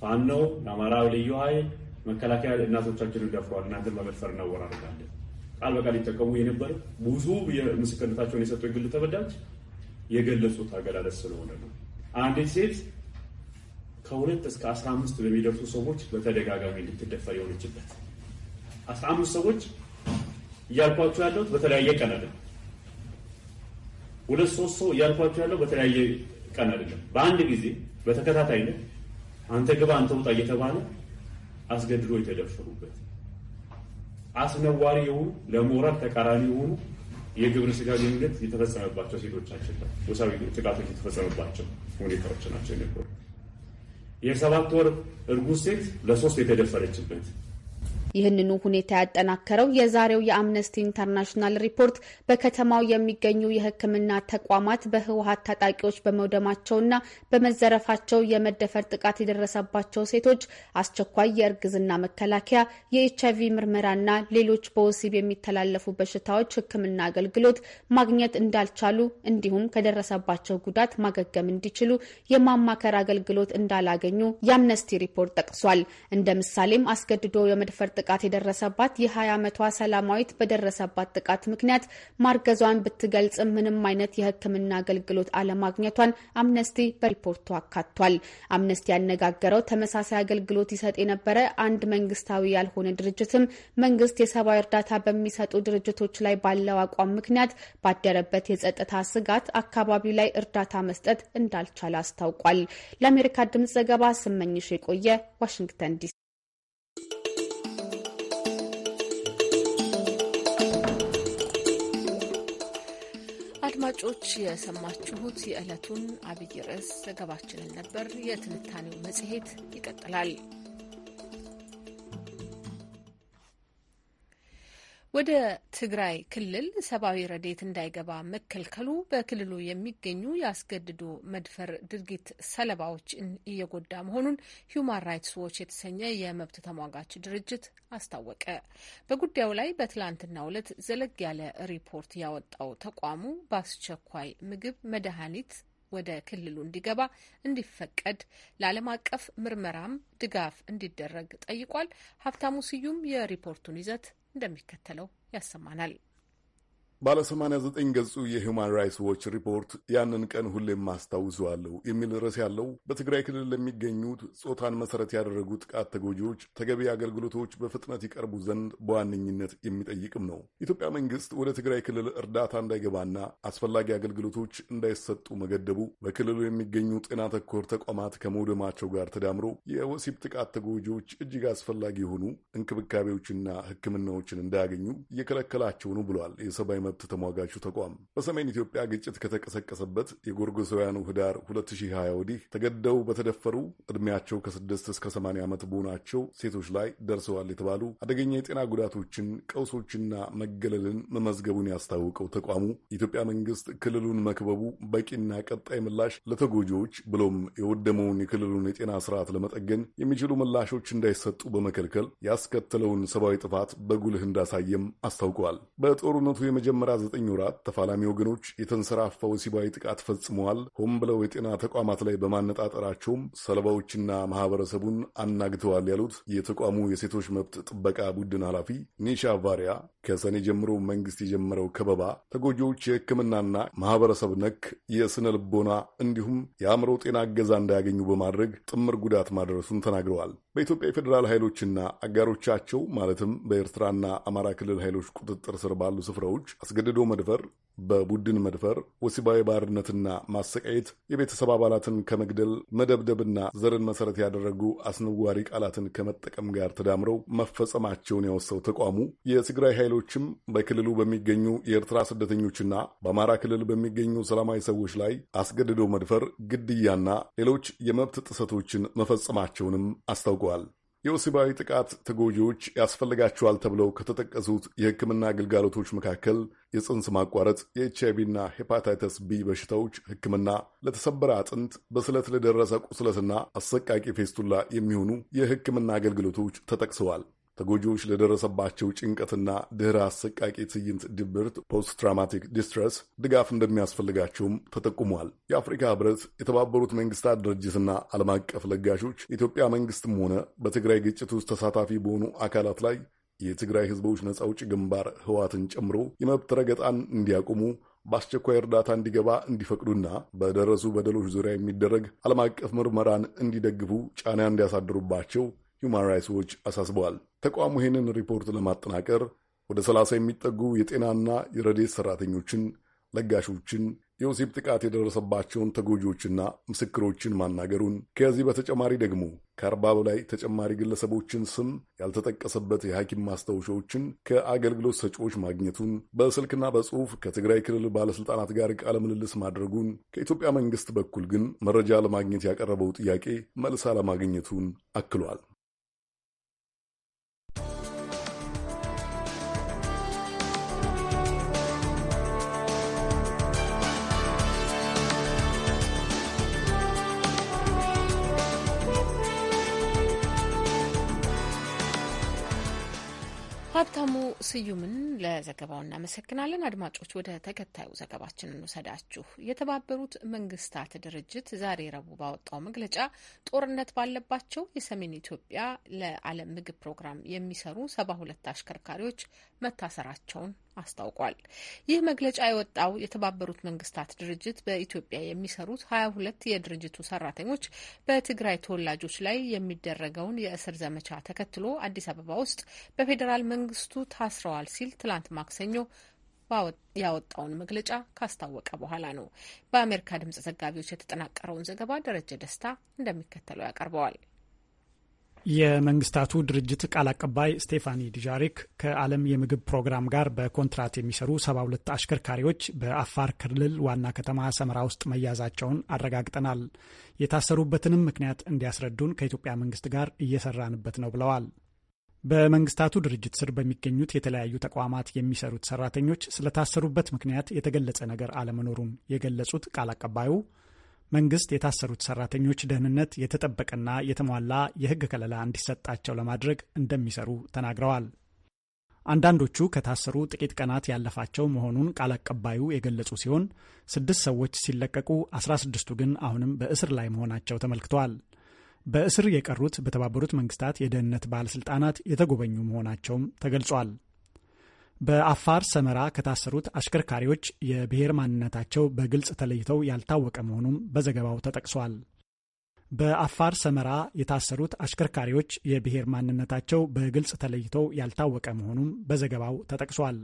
ፋኖ፣ የአማራ ልዩ ኃይል፣ መከላከያ እናቶቻችንን ደፍረዋል፣ እናንተን በመድፈር እናወራረዳለን ቃል በቃል ይጠቀሙ የነበረ ብዙ ምስክርነታቸውን የሰጡ የግል ተበዳጅ የገለጹት አገላለጽ ስለሆነ ነው። አንዲት ሴት ከሁለት እስከ 15 በሚደርሱ ሰዎች በተደጋጋሚ እንድትደፈር የሆነችበት 15 ሰዎች እያልኳቸው ያለሁት በተለያየ ቀን አይደለም። ሁለት ሶስት ሰው እያልኳቸው ያለው በተለያየ ቀን አይደለም። በአንድ ጊዜ በተከታታይነት አንተ ግባ፣ አንተ ውጣ እየተባለ አስገድዶ የተደፈሩበት አስነዋሪ የሆኑ ለሞራል ተቃራኒ የሆኑ የግብረ ስጋ ግንኙነት የተፈጸመባቸው ሴቶቻችን ነው። ጎሳዊ ጥቃቶች የተፈጸመባቸው ሁኔታዎች ናቸው የነበሩ የሰባት ወር እርጉዝ ሴት ለሶስት የተደፈረችበት ይህንኑ ሁኔታ ያጠናከረው የዛሬው የአምነስቲ ኢንተርናሽናል ሪፖርት በከተማው የሚገኙ የሕክምና ተቋማት በህወሀት ታጣቂዎች በመውደማቸውና በመዘረፋቸው የመደፈር ጥቃት የደረሰባቸው ሴቶች አስቸኳይ የእርግዝና መከላከያ፣ የኤች አይቪ ምርመራና ሌሎች በወሲብ የሚተላለፉ በሽታዎች ሕክምና አገልግሎት ማግኘት እንዳልቻሉ እንዲሁም ከደረሰባቸው ጉዳት ማገገም እንዲችሉ የማማከር አገልግሎት እንዳላገኙ የአምነስቲ ሪፖርት ጠቅሷል። እንደ ምሳሌም አስገድዶ የመድፈር ጥቃት የደረሰባት የ20 ዓመቷ ሰላማዊት በደረሰባት ጥቃት ምክንያት ማርገዟን ብትገልጽ ምንም አይነት የሕክምና አገልግሎት አለማግኘቷን አምነስቲ በሪፖርቱ አካቷል። አምነስቲ ያነጋገረው ተመሳሳይ አገልግሎት ይሰጥ የነበረ አንድ መንግስታዊ ያልሆነ ድርጅትም መንግስት የሰብአዊ እርዳታ በሚሰጡ ድርጅቶች ላይ ባለው አቋም ምክንያት ባደረበት የጸጥታ ስጋት አካባቢ ላይ እርዳታ መስጠት እንዳልቻለ አስታውቋል። ለአሜሪካ ድምጽ ዘገባ ስመኝሽ የቆየ ዋሽንግተን ዲሲ። አድማጮች የሰማችሁት የዕለቱን አብይ ርዕስ ዘገባችንን ነበር። የትንታኔው መጽሔት ይቀጥላል። ወደ ትግራይ ክልል ሰብአዊ ረዴት እንዳይገባ መከልከሉ በክልሉ የሚገኙ የአስገድዶ መድፈር ድርጊት ሰለባዎች እየጎዳ መሆኑን ሂዩማን ራይትስ ዎች የተሰኘ የመብት ተሟጋች ድርጅት አስታወቀ። በጉዳዩ ላይ በትላንትናው ዕለት ዘለግ ያለ ሪፖርት ያወጣው ተቋሙ በአስቸኳይ ምግብ፣ መድኃኒት ወደ ክልሉ እንዲገባ እንዲፈቀድ ለዓለም አቀፍ ምርመራም ድጋፍ እንዲደረግ ጠይቋል። ሀብታሙ ስዩም የሪፖርቱን ይዘት እንደሚከተለው ያሰማናል። ባለ 89 ገጹ የሁማን ራይትስ ዎች ሪፖርት ያንን ቀን ሁሌም አስታውሰዋለሁ የሚል ርዕስ ያለው በትግራይ ክልል ለሚገኙት ጾታን መሰረት ያደረጉ ጥቃት ተጎጂዎች ተገቢ አገልግሎቶች በፍጥነት ይቀርቡ ዘንድ በዋነኝነት የሚጠይቅም ነው። ኢትዮጵያ መንግስት ወደ ትግራይ ክልል እርዳታ እንዳይገባና አስፈላጊ አገልግሎቶች እንዳይሰጡ መገደቡ በክልሉ የሚገኙ ጤና ተኮር ተቋማት ከመውደማቸው ጋር ተዳምሮ የወሲብ ጥቃት ተጎጂዎች እጅግ አስፈላጊ የሆኑ እንክብካቤዎችና ሕክምናዎችን እንዳያገኙ እየከለከላቸው ነው ብሏል የሰብአዊ መብት ተሟጋቹ ተቋም በሰሜን ኢትዮጵያ ግጭት ከተቀሰቀሰበት የጎርጎሳውያኑ ህዳር 2020 ወዲህ ተገደው በተደፈሩ ዕድሜያቸው ከ6 እስከ 80 ዓመት በሆናቸው ሴቶች ላይ ደርሰዋል የተባሉ አደገኛ የጤና ጉዳቶችን፣ ቀውሶችና መገለልን መመዝገቡን ያስታወቀው ተቋሙ የኢትዮጵያ መንግስት ክልሉን መክበቡ በቂና ቀጣይ ምላሽ ለተጎጂዎች ብሎም የወደመውን የክልሉን የጤና ስርዓት ለመጠገን የሚችሉ ምላሾች እንዳይሰጡ በመከልከል ያስከተለውን ሰብአዊ ጥፋት በጉልህ እንዳሳየም አስታውቀዋል። በጦርነቱ የመጀመ 9 ዘጠኝ ወራት ተፋላሚ ወገኖች የተንሰራፋ ወሲባዊ ጥቃት ፈጽመዋል ሆን ብለው የጤና ተቋማት ላይ በማነጣጠራቸውም ሰለባዎችና ማህበረሰቡን አናግተዋል ያሉት የተቋሙ የሴቶች መብት ጥበቃ ቡድን ኃላፊ ኒሻ ቫሪያ ከሰኔ ጀምሮ መንግስት የጀመረው ከበባ ተጎጂዎች የሕክምናና ማህበረሰብ ነክ የስነ ልቦና እንዲሁም የአእምሮ ጤና እገዛ እንዳያገኙ በማድረግ ጥምር ጉዳት ማድረሱን ተናግረዋል። በኢትዮጵያ የፌዴራል ኃይሎችና አጋሮቻቸው ማለትም በኤርትራና አማራ ክልል ኃይሎች ቁጥጥር ስር ባሉ ስፍራዎች አስገድዶ መድፈር፣ በቡድን መድፈር፣ ወሲባዊ ባርነትና ማሰቃየት፣ የቤተሰብ አባላትን ከመግደል መደብደብና ዘርን መሰረት ያደረጉ አስነዋሪ ቃላትን ከመጠቀም ጋር ተዳምረው መፈጸማቸውን ያወሰው ተቋሙ የትግራይ ኃይሎችም በክልሉ በሚገኙ የኤርትራ ስደተኞችና በአማራ ክልል በሚገኙ ሰላማዊ ሰዎች ላይ አስገድዶ መድፈር፣ ግድያና ሌሎች የመብት ጥሰቶችን መፈጸማቸውንም አስታውቀዋል። የወሲባዊ ጥቃት ተጎጂዎች ያስፈልጋቸዋል ተብለው ከተጠቀሱት የሕክምና አገልጋሎቶች መካከል የጽንስ ማቋረጥ፣ የኤች አይቪና ሄፓታይተስ ቢ በሽታዎች ሕክምና፣ ለተሰበረ አጥንት፣ በስለት ለደረሰ ቁስለትና አሰቃቂ ፌስቱላ የሚሆኑ የሕክምና አገልግሎቶች ተጠቅሰዋል። ተጎጂዎች ለደረሰባቸው ጭንቀትና ድህረ አሰቃቂ ትዕይንት ድብርት ፖስት ትራማቲክ ዲስትረስ ድጋፍ እንደሚያስፈልጋቸውም ተጠቁሟል። የአፍሪካ ህብረት፣ የተባበሩት መንግስታት ድርጅትና ዓለም አቀፍ ለጋሾች የኢትዮጵያ መንግስትም ሆነ በትግራይ ግጭት ውስጥ ተሳታፊ በሆኑ አካላት ላይ የትግራይ ህዝቦች ነጻ አውጪ ግንባር ህዋትን ጨምሮ የመብት ረገጣን እንዲያቆሙ በአስቸኳይ እርዳታ እንዲገባ እንዲፈቅዱና በደረሱ በደሎች ዙሪያ የሚደረግ ዓለም አቀፍ ምርመራን እንዲደግፉ ጫና እንዲያሳድሩባቸው ሁማን ራይትስ ዎች አሳስበዋል። ተቋሙ ይህንን ሪፖርት ለማጠናቀር ወደ ሰላሳ የሚጠጉ የጤናና የረዴት ሠራተኞችን፣ ለጋሾችን፣ የወሲብ ጥቃት የደረሰባቸውን ተጎጂዎችና ምስክሮችን ማናገሩን ከዚህ በተጨማሪ ደግሞ ከአርባ በላይ ተጨማሪ ግለሰቦችን ስም ያልተጠቀሰበት የሐኪም ማስታወሻዎችን ከአገልግሎት ሰጪዎች ማግኘቱን በስልክና በጽሑፍ ከትግራይ ክልል ባለሥልጣናት ጋር ቃለ ምልልስ ማድረጉን ከኢትዮጵያ መንግሥት በኩል ግን መረጃ ለማግኘት ያቀረበው ጥያቄ መልስ አለማግኘቱን አክሏል። ሀብታሙ ስዩምን ለዘገባው እናመሰግናለን። አድማጮች ወደ ተከታዩ ዘገባችን እንውሰዳችሁ። የተባበሩት መንግስታት ድርጅት ዛሬ ረቡዕ ባወጣው መግለጫ ጦርነት ባለባቸው የሰሜን ኢትዮጵያ ለዓለም ምግብ ፕሮግራም የሚሰሩ ሰባ ሁለት አሽከርካሪዎች መታሰራቸውን አስታውቋል። ይህ መግለጫ የወጣው የተባበሩት መንግስታት ድርጅት በኢትዮጵያ የሚሰሩት ሀያ ሁለት የድርጅቱ ሰራተኞች በትግራይ ተወላጆች ላይ የሚደረገውን የእስር ዘመቻ ተከትሎ አዲስ አበባ ውስጥ በፌዴራል መንግስቱ ታስረዋል ሲል ትላንት ማክሰኞ ያወጣውን መግለጫ ካስታወቀ በኋላ ነው። በአሜሪካ ድምጽ ዘጋቢዎች የተጠናቀረውን ዘገባ ደረጀ ደስታ እንደሚከተለው ያቀርበዋል። የመንግስታቱ ድርጅት ቃል አቀባይ ስቴፋኒ ዲጃሪክ ከዓለም የምግብ ፕሮግራም ጋር በኮንትራት የሚሰሩ 72 አሽከርካሪዎች በአፋር ክልል ዋና ከተማ ሰመራ ውስጥ መያዛቸውን አረጋግጠናል። የታሰሩበትንም ምክንያት እንዲያስረዱን ከኢትዮጵያ መንግስት ጋር እየሰራንበት ነው ብለዋል። በመንግስታቱ ድርጅት ስር በሚገኙት የተለያዩ ተቋማት የሚሰሩት ሰራተኞች ስለታሰሩበት ምክንያት የተገለጸ ነገር አለመኖሩን የገለጹት ቃል አቀባዩ መንግስት የታሰሩት ሰራተኞች ደህንነት የተጠበቀና የተሟላ የህግ ከለላ እንዲሰጣቸው ለማድረግ እንደሚሰሩ ተናግረዋል። አንዳንዶቹ ከታሰሩ ጥቂት ቀናት ያለፋቸው መሆኑን ቃል አቀባዩ የገለጹ ሲሆን ስድስት ሰዎች ሲለቀቁ አስራ ስድስቱ ግን አሁንም በእስር ላይ መሆናቸው ተመልክተዋል። በእስር የቀሩት በተባበሩት መንግስታት የደህንነት ባለስልጣናት የተጎበኙ መሆናቸውም ተገልጿል። በአፋር ሰመራ ከታሰሩት አሽከርካሪዎች የብሔር ማንነታቸው በግልጽ ተለይተው ያልታወቀ መሆኑም በዘገባው ተጠቅሷል። በአፋር ሰመራ የታሰሩት አሽከርካሪዎች የብሔር ማንነታቸው በግልጽ ተለይተው ያልታወቀ መሆኑም በዘገባው ተጠቅሷል።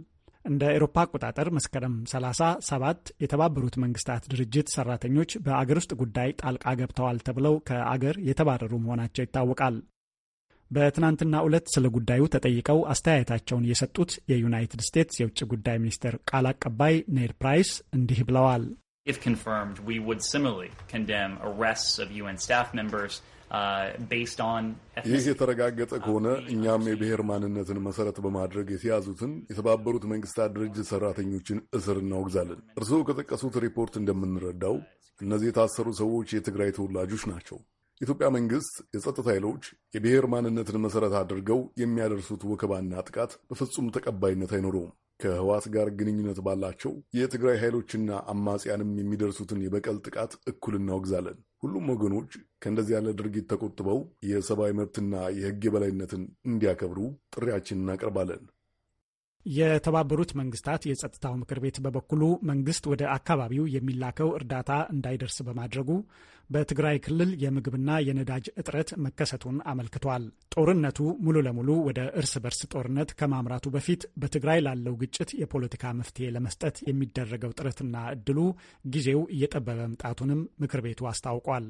እንደ ኤሮፓ አቆጣጠር መስከረም 30 ሰባት የተባበሩት መንግስታት ድርጅት ሰራተኞች በአገር ውስጥ ጉዳይ ጣልቃ ገብተዋል ተብለው ከአገር የተባረሩ መሆናቸው ይታወቃል። በትናንትና ዕለት ስለ ጉዳዩ ተጠይቀው አስተያየታቸውን የሰጡት የዩናይትድ ስቴትስ የውጭ ጉዳይ ሚኒስቴር ቃል አቀባይ ኔድ ፕራይስ እንዲህ ብለዋል። If confirmed, we would similarly condemn arrests of UN staff members uh, ይህ የተረጋገጠ ከሆነ እኛም የብሔር ማንነትን መሰረት በማድረግ የተያዙትን የተባበሩት መንግስታት ድርጅት ሰራተኞችን እስር እናወግዛለን። እርስዎ ከጠቀሱት ሪፖርት እንደምንረዳው እነዚህ የታሰሩ ሰዎች የትግራይ ተወላጆች ናቸው። የኢትዮጵያ መንግስት የጸጥታ ኃይሎች የብሔር ማንነትን መሰረት አድርገው የሚያደርሱት ወከባና ጥቃት በፍጹም ተቀባይነት አይኖረውም። ከህዋት ጋር ግንኙነት ባላቸው የትግራይ ኃይሎችና አማጽያንም የሚደርሱትን የበቀል ጥቃት እኩል እናወግዛለን። ሁሉም ወገኖች ከእንደዚህ ያለ ድርጊት ተቆጥበው የሰብአዊ መብትና የህግ የበላይነትን እንዲያከብሩ ጥሪያችን እናቀርባለን። የተባበሩት መንግስታት የጸጥታው ምክር ቤት በበኩሉ መንግስት ወደ አካባቢው የሚላከው እርዳታ እንዳይደርስ በማድረጉ በትግራይ ክልል የምግብና የነዳጅ እጥረት መከሰቱን አመልክቷል። ጦርነቱ ሙሉ ለሙሉ ወደ እርስ በርስ ጦርነት ከማምራቱ በፊት በትግራይ ላለው ግጭት የፖለቲካ መፍትሄ ለመስጠት የሚደረገው ጥረትና እድሉ ጊዜው እየጠበበ መምጣቱንም ምክር ቤቱ አስታውቋል።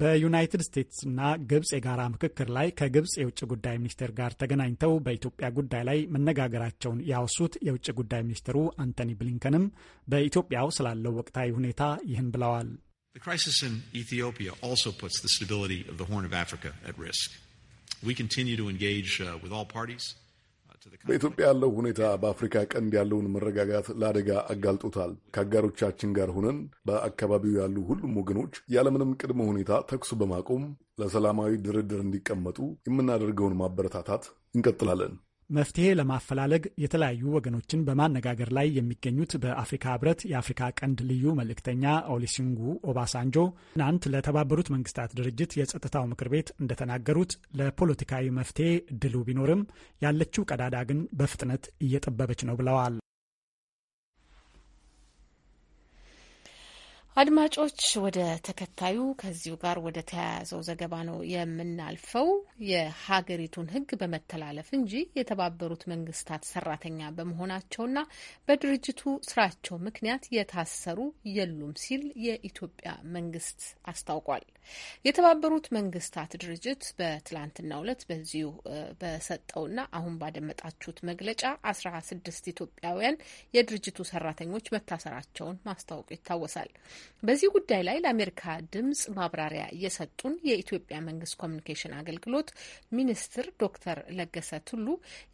በዩናይትድ ስቴትስና ግብጽ የጋራ ምክክር ላይ ከግብጽ የውጭ ጉዳይ ሚኒስቴር ጋር ተገናኝተው በኢትዮጵያ ጉዳይ ላይ መነጋገራቸውን ያወሱት የውጭ ጉዳይ ሚኒስትሩ አንቶኒ ብሊንከንም በኢትዮጵያው ስላለው ወቅታዊ ሁኔታ ይህን ብለዋል። The crisis in Ethiopia also puts the stability of the Horn of Africa at risk. We continue to engage uh, with all parties. Uh, በኢትዮጵያ ያለው ሁኔታ በአፍሪካ ቀንድ ያለውን መረጋጋት ለአደጋ አጋልጦታል። ከአጋሮቻችን ጋር ሆነን በአካባቢው ያሉ ሁሉም ወገኖች ያለምንም ቅድመ ሁኔታ ተኩስ በማቆም ለሰላማዊ ድርድር እንዲቀመጡ የምናደርገውን ማበረታታት እንቀጥላለን። መፍትሄ ለማፈላለግ የተለያዩ ወገኖችን በማነጋገር ላይ የሚገኙት በአፍሪካ ህብረት የአፍሪካ ቀንድ ልዩ መልእክተኛ ኦሊሲንጉ ኦባሳንጆ ትናንት ለተባበሩት መንግስታት ድርጅት የጸጥታው ምክር ቤት እንደተናገሩት ለፖለቲካዊ መፍትሄ እድሉ ቢኖርም ያለችው ቀዳዳ ግን በፍጥነት እየጠበበች ነው ብለዋል። አድማጮች ወደ ተከታዩ ከዚሁ ጋር ወደ ተያያዘው ዘገባ ነው የምናልፈው። የሀገሪቱን ሕግ በመተላለፍ እንጂ የተባበሩት መንግስታት ሰራተኛ በመሆናቸውና በድርጅቱ ስራቸው ምክንያት የታሰሩ የሉም ሲል የኢትዮጵያ መንግስት አስታውቋል። የተባበሩት መንግስታት ድርጅት በትላንትናው ዕለት በዚሁ በሰጠውና አሁን ባደመጣችሁት መግለጫ አስራ ስድስት ኢትዮጵያውያን የድርጅቱ ሰራተኞች መታሰራቸውን ማስታወቁ ይታወሳል። በዚህ ጉዳይ ላይ ለአሜሪካ ድምጽ ማብራሪያ እየሰጡን የኢትዮጵያ መንግስት ኮሚኒኬሽን አገልግሎት ሚኒስትር ዶክተር ለገሰ ቱሉ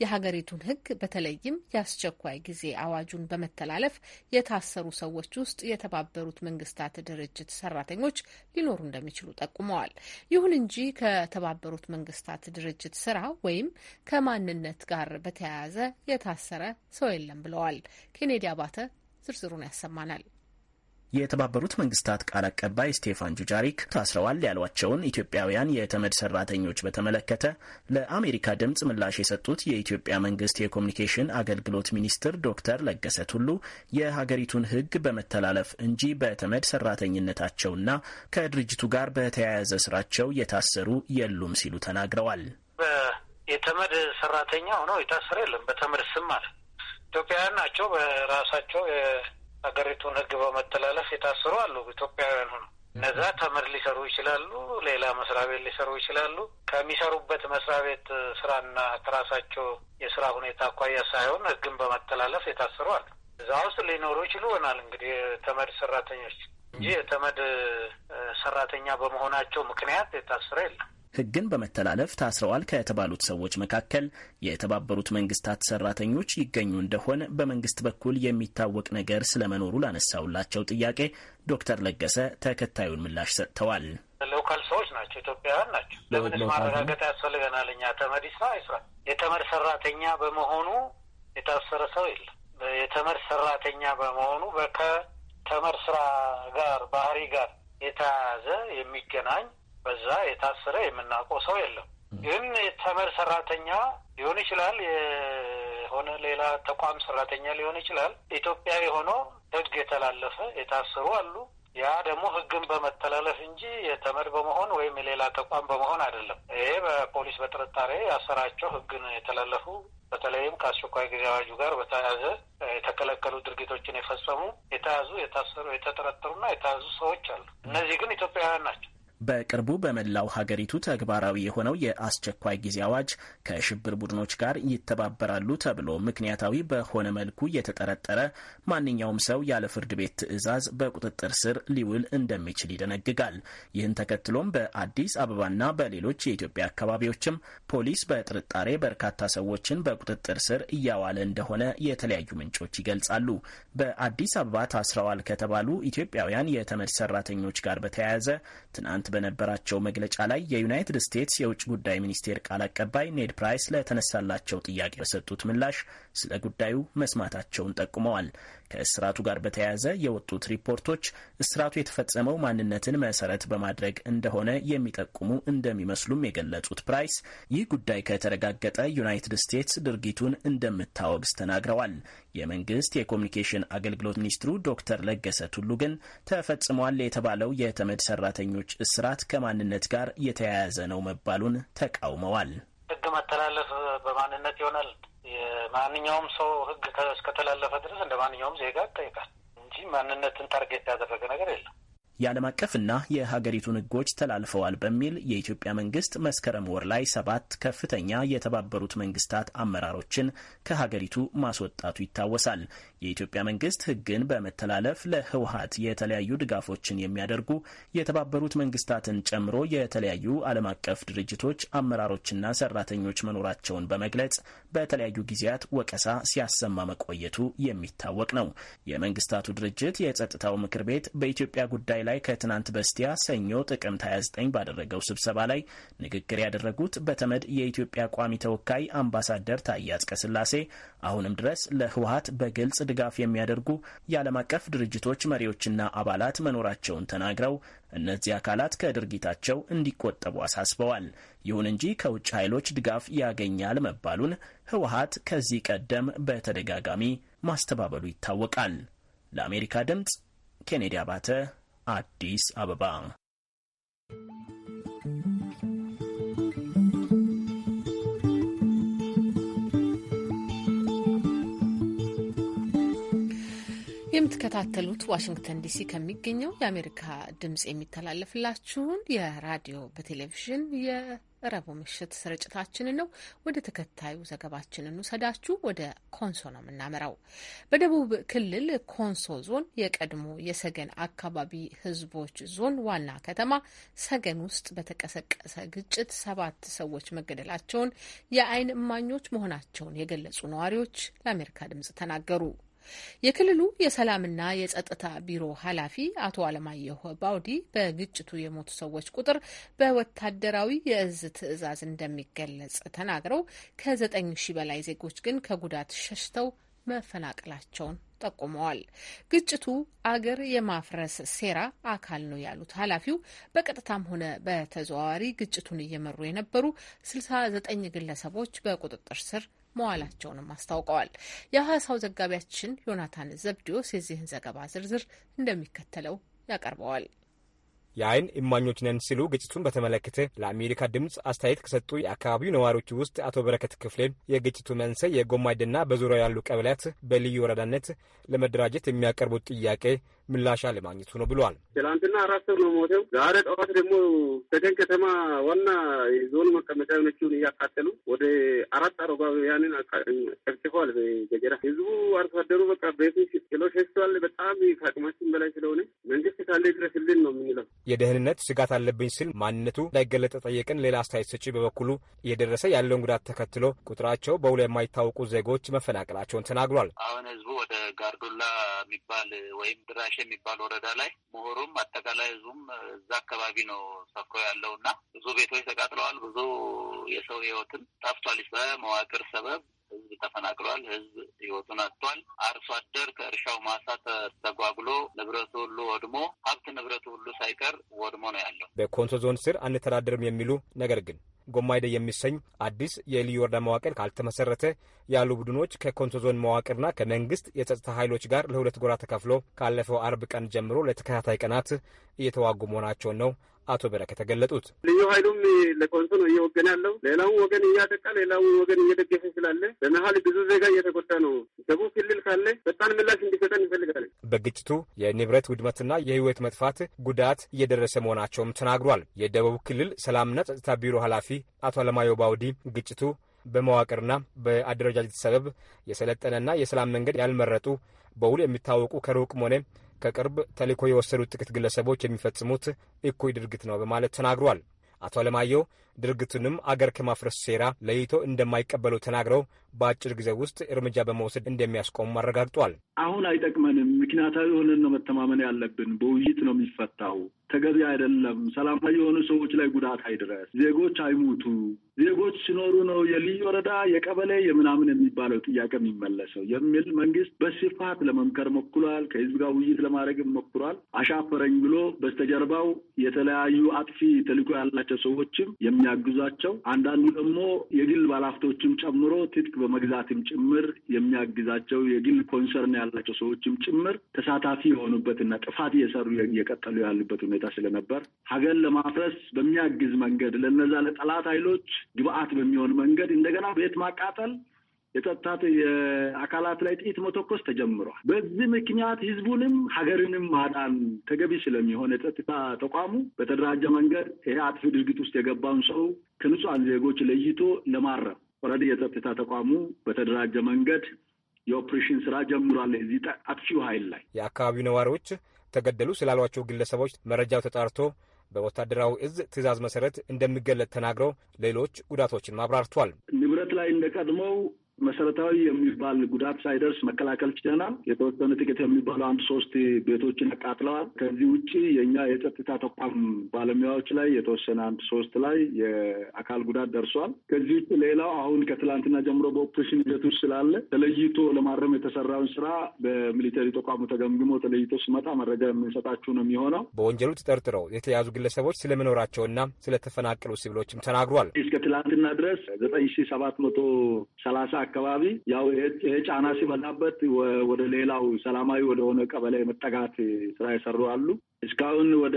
የሀገሪቱን ህግ በተለይም የአስቸኳይ ጊዜ አዋጁን በመተላለፍ የታሰሩ ሰዎች ውስጥ የተባበሩት መንግስታት ድርጅት ሰራተኞች ሊኖሩ እንደሚችሉ እንደሚችሉ ጠቁመዋል። ይሁን እንጂ ከተባበሩት መንግስታት ድርጅት ስራ ወይም ከማንነት ጋር በተያያዘ የታሰረ ሰው የለም ብለዋል። ኬኔዲ አባተ ዝርዝሩን ያሰማናል። የተባበሩት መንግስታት ቃል አቀባይ ስቴፋን ጁጃሪክ ታስረዋል ያሏቸውን ኢትዮጵያውያን የተመድ ሰራተኞች በተመለከተ ለአሜሪካ ድምፅ ምላሽ የሰጡት የኢትዮጵያ መንግስት የኮሚኒኬሽን አገልግሎት ሚኒስትር ዶክተር ለገሰ ቱሉ የሀገሪቱን ሕግ በመተላለፍ እንጂ በተመድ ሰራተኝነታቸውና ከድርጅቱ ጋር በተያያዘ ስራቸው የታሰሩ የሉም ሲሉ ተናግረዋል። የተመድ ሰራተኛ ሆኖ የታሰረ የለም። በተመድ ስም ማለት ኢትዮጵያውያን ናቸው። በራሳቸው ሀገሪቱን ህግ በመተላለፍ የታሰሩ አሉ። ኢትዮጵያውያን ሆነው እነዛ ተመድ ሊሰሩ ይችላሉ። ሌላ መስሪያ ቤት ሊሰሩ ይችላሉ። ከሚሰሩበት መስሪያ ቤት ስራና ከራሳቸው የስራ ሁኔታ አኳያ ሳይሆን ህግን በመተላለፍ የታሰሩ አሉ። እዛ ውስጥ ሊኖሩ ይችሉ ይሆናል እንግዲህ የተመድ ሰራተኞች እንጂ የተመድ ሰራተኛ በመሆናቸው ምክንያት የታሰረ የለም። ህግን በመተላለፍ ታስረዋል ከተባሉት ሰዎች መካከል የተባበሩት መንግስታት ሰራተኞች ይገኙ እንደሆን በመንግስት በኩል የሚታወቅ ነገር ስለመኖሩ ላነሳውላቸው ጥያቄ ዶክተር ለገሰ ተከታዩን ምላሽ ሰጥተዋል። ሎካል ሰዎች ናቸው፣ ኢትዮጵያውያን ናቸው። ለምንስ ማረጋገጥ ያስፈልገናል? እኛ ተመድ ስራ ይስራ። የተመድ ሰራተኛ በመሆኑ የታሰረ ሰው የለም። የተመድ ሰራተኛ በመሆኑ ከተመድ ስራ ጋር ባህሪ ጋር የተያያዘ የሚገናኝ በዛ የታሰረ የምናውቀው ሰው የለም። ግን ተመድ ሰራተኛ ሊሆን ይችላል፣ የሆነ ሌላ ተቋም ሰራተኛ ሊሆን ይችላል። ኢትዮጵያዊ ሆኖ ህግ የተላለፈ የታሰሩ አሉ። ያ ደግሞ ህግን በመተላለፍ እንጂ የተመድ በመሆን ወይም የሌላ ተቋም በመሆን አይደለም። ይሄ በፖሊስ በጥርጣሬ ያሰራቸው ህግን የተላለፉ በተለይም ከአስቸኳይ ጊዜ አዋጁ ጋር በተያያዘ የተከለከሉ ድርጊቶችን የፈጸሙ የተያዙ፣ የታሰሩ፣ የተጠረጠሩና የተያዙ ሰዎች አሉ። እነዚህ ግን ኢትዮጵያውያን ናቸው። በቅርቡ በመላው ሀገሪቱ ተግባራዊ የሆነው የአስቸኳይ ጊዜ አዋጅ ከሽብር ቡድኖች ጋር ይተባበራሉ ተብሎ ምክንያታዊ በሆነ መልኩ የተጠረጠረ ማንኛውም ሰው ያለ ፍርድ ቤት ትዕዛዝ በቁጥጥር ስር ሊውል እንደሚችል ይደነግጋል። ይህን ተከትሎም በአዲስ አበባና በሌሎች የኢትዮጵያ አካባቢዎችም ፖሊስ በጥርጣሬ በርካታ ሰዎችን በቁጥጥር ስር እያዋለ እንደሆነ የተለያዩ ምንጮች ይገልጻሉ። በአዲስ አበባ ታስረዋል ከተባሉ ኢትዮጵያውያን የተመድ ሰራተኞች ጋር በተያያዘ ትናንት በነበራቸው መግለጫ ላይ የዩናይትድ ስቴትስ የውጭ ጉዳይ ሚኒስቴር ቃል አቀባይ ኔድ ፕራይስ ለተነሳላቸው ጥያቄ በሰጡት ምላሽ ስለ ጉዳዩ መስማታቸውን ጠቁመዋል። ከእስራቱ ጋር በተያያዘ የወጡት ሪፖርቶች እስራቱ የተፈጸመው ማንነትን መሰረት በማድረግ እንደሆነ የሚጠቁሙ እንደሚመስሉም የገለጹት ፕራይስ ይህ ጉዳይ ከተረጋገጠ ዩናይትድ ስቴትስ ድርጊቱን እንደምታወግዝ ተናግረዋል። የመንግስት የኮሚኒኬሽን አገልግሎት ሚኒስትሩ ዶክተር ለገሰ ቱሉ ግን ተፈጽሟል የተባለው የተመድ ሰራተኞች እስራት ከማንነት ጋር የተያያዘ ነው መባሉን ተቃውመዋል። ህግ መተላለፍ በማንነት ይሆናል የማንኛውም ሰው ህግ እስከተላለፈ ድረስ እንደ ማንኛውም ዜጋ ይጠይቃል እንጂ ማንነትን ታርጌት ያደረገ ነገር የለም። የዓለም አቀፍና የሀገሪቱን ህጎች ተላልፈዋል በሚል የኢትዮጵያ መንግስት መስከረም ወር ላይ ሰባት ከፍተኛ የተባበሩት መንግስታት አመራሮችን ከሀገሪቱ ማስወጣቱ ይታወሳል። የኢትዮጵያ መንግስት ህግን በመተላለፍ ለህወሀት የተለያዩ ድጋፎችን የሚያደርጉ የተባበሩት መንግስታትን ጨምሮ የተለያዩ ዓለም አቀፍ ድርጅቶች አመራሮችና ሰራተኞች መኖራቸውን በመግለጽ በተለያዩ ጊዜያት ወቀሳ ሲያሰማ መቆየቱ የሚታወቅ ነው። የመንግስታቱ ድርጅት የጸጥታው ምክር ቤት በኢትዮጵያ ጉዳይ ላይ ከትናንት በስቲያ ሰኞ ጥቅምት 29 ባደረገው ስብሰባ ላይ ንግግር ያደረጉት በተመድ የኢትዮጵያ ቋሚ ተወካይ አምባሳደር ታዬ አጽቀስላሴ አሁንም ድረስ ለህወሀት በግልጽ ድጋፍ የሚያደርጉ የዓለም አቀፍ ድርጅቶች መሪዎችና አባላት መኖራቸውን ተናግረው እነዚህ አካላት ከድርጊታቸው እንዲቆጠቡ አሳስበዋል። ይሁን እንጂ ከውጭ ኃይሎች ድጋፍ ያገኛል መባሉን ህወሀት ከዚህ ቀደም በተደጋጋሚ ማስተባበሉ ይታወቃል። ለአሜሪካ ድምፅ ኬኔዲ አባተ አዲስ አበባ የምትከታተሉት ዋሽንግተን ዲሲ ከሚገኘው የአሜሪካ ድምጽ የሚተላለፍላችሁን የራዲዮ በቴሌቪዥን የረቡ ምሽት ስርጭታችንን ነው። ወደ ተከታዩ ዘገባችንን ውሰዳችሁ። ወደ ኮንሶ ነው የምናመራው። በደቡብ ክልል ኮንሶ ዞን የቀድሞ የሰገን አካባቢ ህዝቦች ዞን ዋና ከተማ ሰገን ውስጥ በተቀሰቀሰ ግጭት ሰባት ሰዎች መገደላቸውን የአይን እማኞች መሆናቸውን የገለጹ ነዋሪዎች ለአሜሪካ ድምጽ ተናገሩ። የክልሉ የሰላምና የጸጥታ ቢሮ ኃላፊ አቶ አለማየሁ ባውዲ በግጭቱ የሞቱ ሰዎች ቁጥር በወታደራዊ የእዝ ትዕዛዝ እንደሚገለጽ ተናግረው ከዘጠኝ ሺህ በላይ ዜጎች ግን ከጉዳት ሸሽተው መፈናቀላቸውን ጠቁመዋል። ግጭቱ አገር የማፍረስ ሴራ አካል ነው ያሉት ኃላፊው በቀጥታም ሆነ በተዘዋዋሪ ግጭቱን እየመሩ የነበሩ ስልሳ ዘጠኝ ግለሰቦች በቁጥጥር ስር መዋላቸውንም አስታውቀዋል። የሐዋሳው ዘጋቢያችን ዮናታን ዘብዲዮስ የዚህን ዘገባ ዝርዝር እንደሚከተለው ያቀርበዋል። የአይን እማኞች ነን ሲሉ ግጭቱን በተመለከተ ለአሜሪካ ድምፅ አስተያየት ከሰጡ የአካባቢው ነዋሪዎች ውስጥ አቶ በረከት ክፍሌን የግጭቱ መንስኤ የጎማይድና በዙሪያው ያሉ ቀበሌያት በልዩ ወረዳነት ለመደራጀት የሚያቀርቡት ጥያቄ ምላሽ አለማግኘቱ ነው ብሏል። ትላንትና አራት ሰው ነው ሞተው። ዛሬ ጠዋት ደግሞ ተገን ከተማ ዋና የዞኑ መቀመጫ የሆነችውን እያካተሉ a rattara ba yanin a የደህንነት ስጋት አለብኝ ሲል ማንነቱ እንዳይገለጠ ጠየቅን። ሌላ አስተያየት ሰጪ በበኩሉ እየደረሰ ያለውን ጉዳት ተከትሎ ቁጥራቸው በውል የማይታወቁ ዜጎች መፈናቀላቸውን ተናግሯል። አሁን ህዝቡ ወደ ጋርዶላ የሚባል ወይም ድራሽ የሚባል ወረዳ ላይ ምሁሩም አጠቃላይ ህዝቡም እዛ አካባቢ ነው ሰፍሮ ያለውና ብዙ ቤቶች ተቃጥለዋል። ብዙ የሰው ህይወትም ጠፍቷል። በመዋቅር ሰበብ ህዝብ ተፈናቅሏል። ህዝብ ህይወቱን አጥቷል። አርሶ አደር ከእርሻው ማሳ ተጓጉሎ ንብረቱ ሁሉ ወድሞ ሀብት ንብረቱ ሁሉ ሳይቀር ወድሞ ነው ያለው። በኮንሶ ዞን ስር አንተዳደርም የሚሉ ነገር ግን ጎማይደ የሚሰኝ አዲስ የልዩ ወረዳ መዋቅር ካልተመሰረተ ያሉ ቡድኖች ከኮንሶ ዞን መዋቅርና ከመንግስት የጸጥታ ኃይሎች ጋር ለሁለት ጎራ ተከፍሎ ካለፈው አርብ ቀን ጀምሮ ለተከታታይ ቀናት እየተዋጉ መሆናቸውን ነው አቶ በረከተ ገለጡት። ልዩ ኃይሉም ለቆንሶ ነው እየወገን ያለው ሌላውን ወገን እያጠቃ ሌላውን ወገን እየደገፈ ስላለ በመሀል ብዙ ዜጋ እየተጎዳ ነው። ደቡብ ክልል ካለ ፈጣን ምላሽ እንዲሰጠን ይፈልጋል። በግጭቱ የንብረት ውድመትና የህይወት መጥፋት ጉዳት እየደረሰ መሆናቸውም ተናግሯል። የደቡብ ክልል ሰላምና ጸጥታ ቢሮ ኃላፊ አቶ አለማዮ ባውዲ ግጭቱ በመዋቅርና በአደረጃጀት ሰበብ የሰለጠነና የሰላም መንገድ ያልመረጡ በውል የሚታወቁ ከሩቅም ሆነ ከቅርብ ተልዕኮ የወሰዱት ጥቂት ግለሰቦች የሚፈጽሙት እኩይ ድርጊት ነው በማለት ተናግሯል። አቶ አለማየሁ ድርጊቱንም አገር ከማፍረስ ሴራ ለይቶ እንደማይቀበሉ ተናግረው በአጭር ጊዜ ውስጥ እርምጃ በመውሰድ እንደሚያስቆሙ አረጋግጧል። አሁን አይጠቅመንም፣ ምክንያታዊ ሆነን ነው መተማመን ያለብን። በውይይት ነው የሚፈታው። ተገቢ አይደለም። ሰላማዊ የሆኑ ሰዎች ላይ ጉዳት አይድረስ፣ ዜጎች አይሙቱ። ዜጎች ሲኖሩ ነው የልዩ ወረዳ የቀበሌ የምናምን የሚባለው ጥያቄ የሚመለሰው የሚል መንግስት በስፋት ለመምከር ሞክሯል። ከህዝብ ጋር ውይይት ለማድረግ ሞክሯል። አሻፈረኝ ብሎ በስተጀርባው የተለያዩ አጥፊ ተልዕኮ ያላቸው ሰዎችም የሚያግዟቸው አንዳንዱ ደግሞ የግል ባለሀብቶችም ጨምሮ ትጥቅ በመግዛትም ጭምር የሚያግዛቸው የግል ኮንሰርን ያላቸው ሰዎችም ጭምር ተሳታፊ የሆኑበትና ጥፋት እየሰሩ እየቀጠሉ ያሉበት ሁኔታ ስለነበር ሀገር ለማፍረስ በሚያግዝ መንገድ ለነዛ ለጠላት ኃይሎች ግብአት በሚሆን መንገድ እንደገና ቤት ማቃጠል የጸጥታ አካላት ላይ ጥይት መተኮስ ተጀምሯል። በዚህ ምክንያት ህዝቡንም ሀገርንም ማዳን ተገቢ ስለሚሆን የጸጥታ ተቋሙ በተደራጀ መንገድ ይሄ አጥፊ ድርጊት ውስጥ የገባውን ሰው ከንጹሐን ዜጎች ለይቶ ለማረም ወረድ የጸጥታ ተቋሙ በተደራጀ መንገድ የኦፕሬሽን ስራ ጀምሯል። እዚህ አጥፊው ኃይል ላይ የአካባቢው ነዋሪዎች ተገደሉ ስላሏቸው ግለሰቦች መረጃው ተጣርቶ በወታደራዊ እዝ ትእዛዝ መሰረት እንደሚገለጥ ተናግረው ሌሎች ጉዳቶችን ማብራርቷል። ንብረት ላይ እንደቀድሞው መሰረታዊ የሚባል ጉዳት ሳይደርስ መከላከል ችለናል። የተወሰነ ጥቂት የሚባሉ አንድ ሶስት ቤቶችን አቃጥለዋል። ከዚህ ውጭ የእኛ የጸጥታ ተቋም ባለሙያዎች ላይ የተወሰነ አንድ ሶስት ላይ የአካል ጉዳት ደርሷል። ከዚህ ውጭ ሌላው አሁን ከትላንትና ጀምሮ በኦፕሬሽን ሂደት ውስጥ ስላለ ተለይቶ ለማረም የተሰራውን ስራ በሚሊተሪ ተቋሙ ተገምግሞ ተለይቶ ሲመጣ መረጃ የምንሰጣችሁ ነው የሚሆነው። በወንጀሉ ተጠርጥረው የተያዙ ግለሰቦች ስለመኖራቸውና ስለተፈናቀሉ ሲቪሎችም ተናግሯል። እስከ ትላንትና ድረስ ዘጠኝ ሺ ሰባት መቶ ሰላሳ አካባቢ ያው ይሄ ጫና ሲበዛበት ወደ ሌላው ሰላማዊ ወደሆነ ቀበሌ መጠጋት ስራ የሰሩ አሉ። እስካሁን ወደ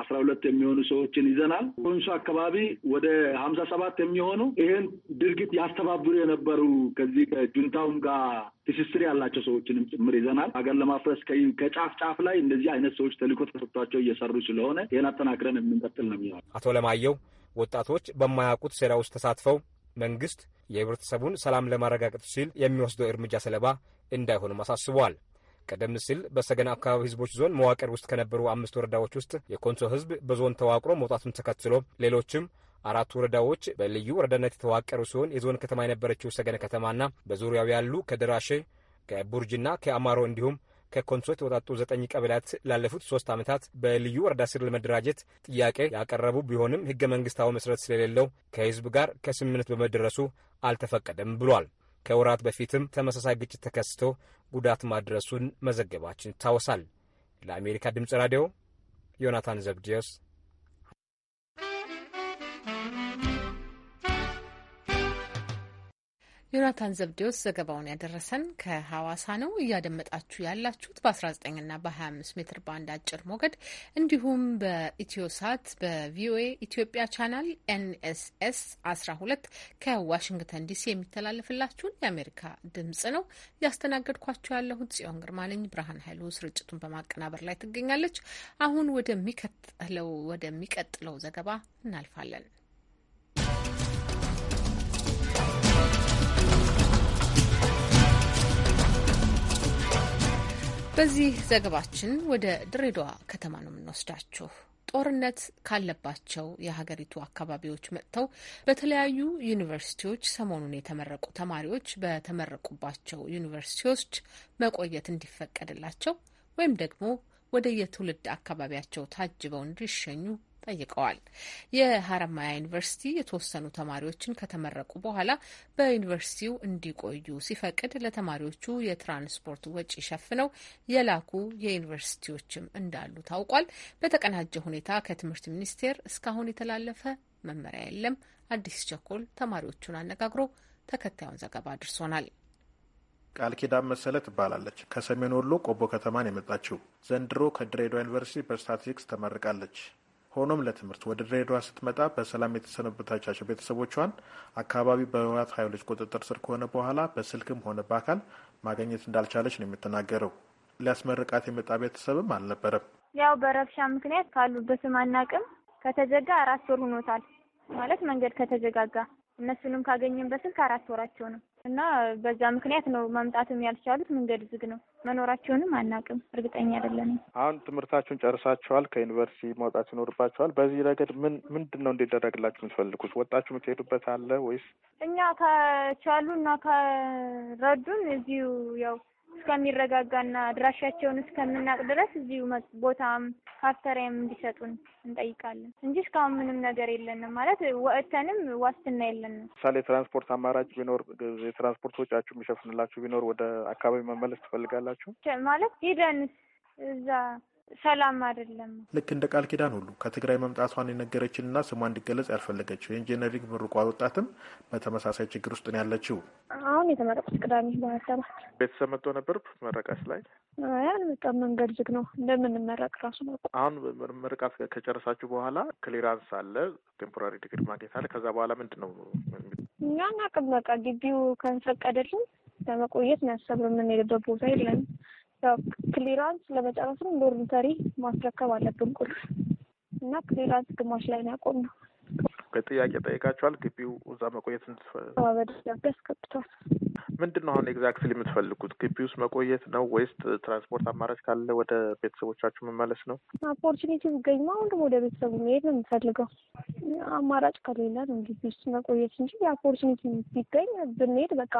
አስራ ሁለት የሚሆኑ ሰዎችን ይዘናል። ኮንሶ አካባቢ ወደ ሀምሳ ሰባት የሚሆኑ ይህን ድርጊት ያስተባብሩ የነበሩ ከዚህ ከጁንታውም ጋር ትስስር ያላቸው ሰዎችንም ጭምር ይዘናል። ሀገር ለማፍረስ ከጫፍ ጫፍ ላይ እንደዚህ አይነት ሰዎች ተልዕኮ ተሰጥቷቸው እየሰሩ ስለሆነ ይህን አጠናክረን የምንቀጥል ነው የሚሆነው። አቶ ለማየሁ ወጣቶች በማያውቁት ስራ ውስጥ ተሳትፈው መንግስት የህብረተሰቡን ሰላም ለማረጋገጥ ሲል የሚወስደው እርምጃ ሰለባ እንዳይሆንም አሳስበዋል። ቀደም ሲል በሰገን አካባቢ ህዝቦች ዞን መዋቅር ውስጥ ከነበሩ አምስት ወረዳዎች ውስጥ የኮንሶ ህዝብ በዞን ተዋቅሮ መውጣቱን ተከትሎ ሌሎችም አራት ወረዳዎች በልዩ ወረዳነት የተዋቀሩ ሲሆን የዞን ከተማ የነበረችው ሰገነ ከተማና በዙሪያው ያሉ ከደራሼ ከቡርጅና ከአማሮ እንዲሁም ከኮንሶ የተወጣጡ ዘጠኝ ቀበሌያት ላለፉት ሶስት ዓመታት በልዩ ወረዳ ስር ለመደራጀት ጥያቄ ያቀረቡ ቢሆንም ህገ መንግስታዊ መሰረት ስለሌለው ከህዝብ ጋር ከስምምነት በመደረሱ አልተፈቀደም ብሏል። ከወራት በፊትም ተመሳሳይ ግጭት ተከስቶ ጉዳት ማድረሱን መዘገባችን ይታወሳል። ለአሜሪካ ድምፅ ራዲዮ ዮናታን ዘብድዮስ ዮናታን ዘብዴዎስ ዘገባውን ያደረሰን ከሐዋሳ ነው። እያደመጣችሁ ያላችሁት በ19 ና በ25 ሜትር ባንድ አጭር ሞገድ እንዲሁም በኢትዮሳት በቪኦኤ ኢትዮጵያ ቻናል ኤንኤስኤስ 12 ከዋሽንግተን ዲሲ የሚተላለፍላችሁን የአሜሪካ ድምጽ ነው። እያስተናገድኳችሁ ያለሁት ጽዮን ግርማ ነኝ። ብርሃን ኃይሉ ስርጭቱን በማቀናበር ላይ ትገኛለች። አሁን ወደሚቀጥለው ወደሚቀጥለው ዘገባ እናልፋለን። በዚህ ዘገባችን ወደ ድሬዳዋ ከተማ ነው የምንወስዳችሁ። ጦርነት ካለባቸው የሀገሪቱ አካባቢዎች መጥተው በተለያዩ ዩኒቨርሲቲዎች ሰሞኑን የተመረቁ ተማሪዎች በተመረቁባቸው ዩኒቨርሲቲዎች መቆየት እንዲፈቀድላቸው ወይም ደግሞ ወደ የትውልድ አካባቢያቸው ታጅበው እንዲሸኙ ጠይቀዋል። የሀረማያ ዩኒቨርሲቲ የተወሰኑ ተማሪዎችን ከተመረቁ በኋላ በዩኒቨርሲቲው እንዲቆዩ ሲፈቅድ ለተማሪዎቹ የትራንስፖርት ወጪ ሸፍነው የላኩ የዩኒቨርሲቲዎችም እንዳሉ ታውቋል። በተቀናጀ ሁኔታ ከትምህርት ሚኒስቴር እስካሁን የተላለፈ መመሪያ የለም። አዲስ ቸኮል ተማሪዎቹን አነጋግሮ ተከታዩን ዘገባ አድርሶናል። ቃል ኪዳን መሰለ ትባላለች። ከሰሜን ወሎ ቆቦ ከተማን የመጣችው ዘንድሮ ከድሬዳዋ ዩኒቨርሲቲ በስታቲስቲክስ ተመርቃለች። ሆኖም ለትምህርት ወደ ድሬዳዋ ስትመጣ በሰላም የተሰነበተቻቸው ቤተሰቦቿን አካባቢ በህወሓት ኃይሎች ቁጥጥር ስር ከሆነ በኋላ በስልክም ሆነ በአካል ማግኘት እንዳልቻለች ነው የምትናገረው። ሊያስመርቃት የመጣ ቤተሰብም አልነበረም። ያው በረብሻ ምክንያት ካሉበትም አናቅም። ከተዘጋ አራት ወር ሆኖታል ማለት መንገድ ከተዘጋጋ እነሱንም ካገኘን በስልክ አራት ወራቸው ነው። እና በዛ ምክንያት ነው መምጣትም ያልቻሉት። መንገድ ዝግ ነው። መኖራቸውንም አናውቅም፣ እርግጠኛ አይደለንም። አሁን ትምህርታችሁን ጨርሳችኋል፣ ከዩኒቨርሲቲ መውጣት ይኖርባችኋል። በዚህ ረገድ ምን ምንድን ነው እንዲደረግላችሁ የምትፈልጉት? ወጣችሁ የምትሄዱበት አለ ወይስ? እኛ ከቻሉ እና ከረዱን እዚሁ ያው እስከሚረጋጋና አድራሻቸውን እስከምናቅ ድረስ እዚሁ ቦታም ካፍተሪያም እንዲሰጡን እንጠይቃለን እንጂ እስካሁን ምንም ነገር የለንም። ማለት ወጥተንም ዋስትና የለንም። ምሳሌ የትራንስፖርት አማራጭ ቢኖር የትራንስፖርት ወጪያችሁ የሚሸፍንላችሁ ቢኖር ወደ አካባቢ መመለስ ትፈልጋላችሁ ማለት ሄደን እዛ ሰላም አይደለም። ልክ እንደ ቃል ኪዳን ሁሉ ከትግራይ መምጣቷን የነገረችንና ስሟ እንዲገለጽ ያልፈለገችው የኢንጂነሪንግ ምርቋ ወጣትም በተመሳሳይ ችግር ውስጥ ነው ያለችው። አሁን የተመረቁት ቅዳሜ በሀያ ሰባት ቤተሰብ መጥቶ ነበር መረቃች ላይ ያን በጣም መንገድ ዝግ ነው እንደምንመረቅ ራሱ ነው። አሁን ምርቃት ከጨረሳችሁ በኋላ ክሊራንስ አለ፣ ቴምፖራሪ ዲግሪ ማግኘት አለ። ከዛ በኋላ ምንድን ነው ያን አቅም በቃ ግቢው ከንፈቀደልን ለመቆየት ነው ያሰብነው። የምንሄድበት ቦታ የለን ክሊራንስ ለመጨረስም ዶርሚተሪ ማስረከብ አለብን ቁልፍ እና ክሊራንስ ግማሽ ላይ ነው ያቆም ነው። ጥያቄ ጠይቃችኋል? ግቢው እዛ መቆየት በደብዳቤ አስገብቷል። ምንድን ነው አሁን ኤግዛክትሊ የምትፈልጉት? ግቢ ውስጥ መቆየት ነው ወይስ ትራንስፖርት አማራጭ ካለ ወደ ቤተሰቦቻችሁ መመለስ ነው? ኦፖርቹኒቲ አሁን አሁንም ወደ ቤተሰቡ መሄድ ነው የምፈልገው። አማራጭ ከሌለ ነው ግቢ ውስጥ መቆየት እንጂ የኦፖርቹኒቲ ቢገኝ ብንሄድ በቃ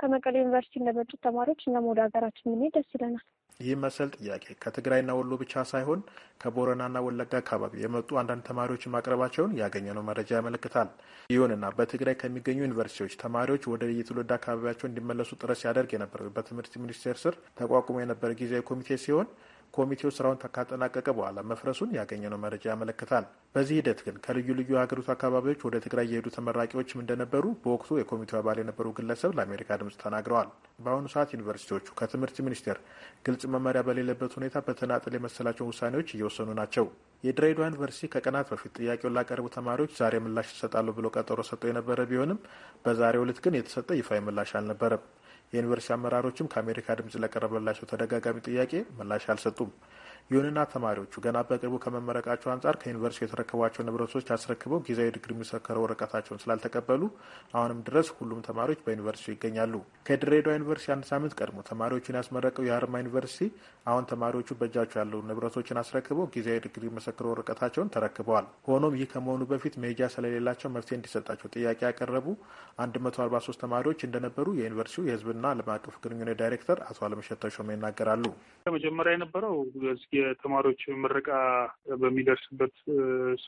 ከመቀሌ ዩኒቨርሲቲ ለመጡት ተማሪዎች እኛም ወደ ሀገራችን ምን ደስ ይለናል። ይህ መሰል ጥያቄ ከትግራይና ወሎ ብቻ ሳይሆን ከቦረናና ወለጋ አካባቢ የመጡ አንዳንድ ተማሪዎች ማቅረባቸውን ያገኘነው መረጃ ያመለክታል። ይሁንና በትግራይ ከሚገኙ ዩኒቨርሲቲዎች ተማሪዎች ወደ የትውልድ አካባቢያቸው እንዲመለሱ ጥረት ሲያደርግ የነበረው በትምህርት ሚኒስቴር ስር ተቋቁሞ የነበረ ጊዜያዊ ኮሚቴ ሲሆን ኮሚቴው ስራውን ካጠናቀቀ በኋላ መፍረሱን ያገኘነው መረጃ ያመለክታል። በዚህ ሂደት ግን ከልዩ ልዩ የሀገሪቱ አካባቢዎች ወደ ትግራይ የሄዱ ተመራቂዎችም እንደነበሩ በወቅቱ የኮሚቴው አባል የነበሩ ግለሰብ ለአሜሪካ ድምጽ ተናግረዋል። በአሁኑ ሰዓት ዩኒቨርሲቲዎቹ ከትምህርት ሚኒስቴር ግልጽ መመሪያ በሌለበት ሁኔታ በተናጠል የመሰላቸውን ውሳኔዎች እየወሰኑ ናቸው። የድሬዳዋ ዩኒቨርሲቲ ከቀናት በፊት ጥያቄውን ላቀረቡ ተማሪዎች ዛሬ ምላሽ ይሰጣሉ ብሎ ቀጠሮ ሰጠው የነበረ ቢሆንም በዛሬው ዕለት ግን የተሰጠ ይፋዊ ምላሽ አልነበረም። የዩኒቨርሲቲ አመራሮችም ከአሜሪካ ድምጽ ለቀረበላቸው ተደጋጋሚ ጥያቄ ምላሽ አልሰጡም። ይሁንና ተማሪዎቹ ገና በቅርቡ ከመመረቃቸው አንጻር ከዩኒቨርሲቲ የተረከቧቸው ንብረቶች አስረክበው ጊዜያዊ ዲግሪ የሚሰከረው ወረቀታቸውን ስላልተቀበሉ አሁንም ድረስ ሁሉም ተማሪዎች በዩኒቨርሲቲ ይገኛሉ። ከድሬዳዋ ዩኒቨርሲቲ አንድ ሳምንት ቀድሞ ተማሪዎቹን ያስመረቀው የአርማ ዩኒቨርሲቲ አሁን ተማሪዎቹ በእጃቸው ያለው ንብረቶችን አስረክበው ጊዜያዊ ዲግሪ የሚሰከረው ወረቀታቸውን ተረክበዋል። ሆኖም ይህ ከመሆኑ በፊት መሄጃ ስለሌላቸው መፍትሄ እንዲሰጣቸው ጥያቄ ያቀረቡ 143 ተማሪዎች እንደነበሩ የዩኒቨርሲቲው የህዝብና ዓለም አቀፍ ግንኙነት ዳይሬክተር አቶ አለምሸት ተሾመ ይናገራሉ። ከመጀመሪያ የነበረው የተማሪዎች ምረቃ በሚደርስበት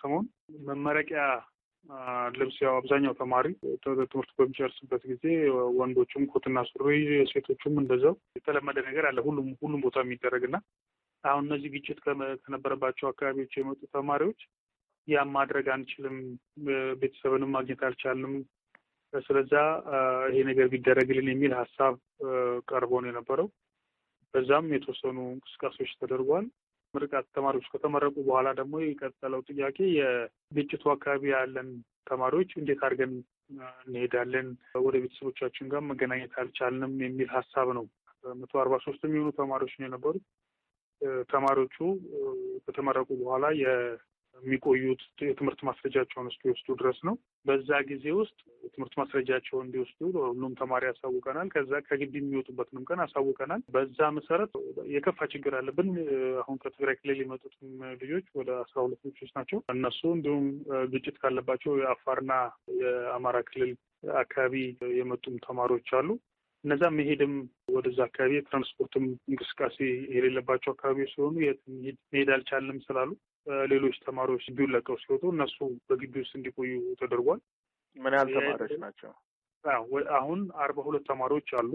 ሰሞን መመረቂያ ልብስ ያው አብዛኛው ተማሪ ትምህርት በሚጨርስበት ጊዜ ወንዶቹም ኮትና ሱሪ፣ ሴቶቹም እንደዛው የተለመደ ነገር አለ ሁሉም ሁሉም ቦታ የሚደረግና አሁን እነዚህ ግጭት ከነበረባቸው አካባቢዎች የመጡ ተማሪዎች ያም ማድረግ አንችልም፣ ቤተሰብንም ማግኘት አልቻልንም፣ ስለዛ ይሄ ነገር ቢደረግልን የሚል ሀሳብ ቀርቦ ነው የነበረው። በዛም የተወሰኑ እንቅስቃሴዎች ተደርጓል። ምርቃት ተማሪዎች ከተመረቁ በኋላ ደግሞ የቀጠለው ጥያቄ የግጭቱ አካባቢ ያለን ተማሪዎች እንዴት አድርገን እንሄዳለን፣ ወደ ቤተሰቦቻችን ጋር መገናኘት አልቻልንም የሚል ሀሳብ ነው። መቶ አርባ ሶስት የሚሆኑ ተማሪዎች ነው የነበሩት። ተማሪዎቹ ከተመረቁ በኋላ የሚቆዩት የትምህርት ማስረጃቸውን እስኪወስዱ ድረስ ነው። በዛ ጊዜ ውስጥ ትምህርት ማስረጃቸውን እንዲወስዱ ሁሉም ተማሪ ያሳውቀናል። ከዛ ከግቢ የሚወጡበትንም ቀን አሳውቀናል። በዛ መሰረት የከፋ ችግር አለብን። አሁን ከትግራይ ክልል የመጡትም ልጆች ወደ አስራ ሁለት ልጆች ናቸው። እነሱ እንዲሁም ግጭት ካለባቸው የአፋርና የአማራ ክልል አካባቢ የመጡም ተማሪዎች አሉ። እነዛ መሄድም ወደዛ አካባቢ የትራንስፖርትም እንቅስቃሴ የሌለባቸው አካባቢዎች ስለሆኑ የት መሄድ አልቻልንም ስላሉ ሌሎች ተማሪዎች ግቢውን ለቀው ሲወጡ እነሱ በግቢ ውስጥ እንዲቆዩ ተደርጓል። ምን ያህል ተማሪዎች ናቸው? አሁን አርባ ሁለት ተማሪዎች አሉ።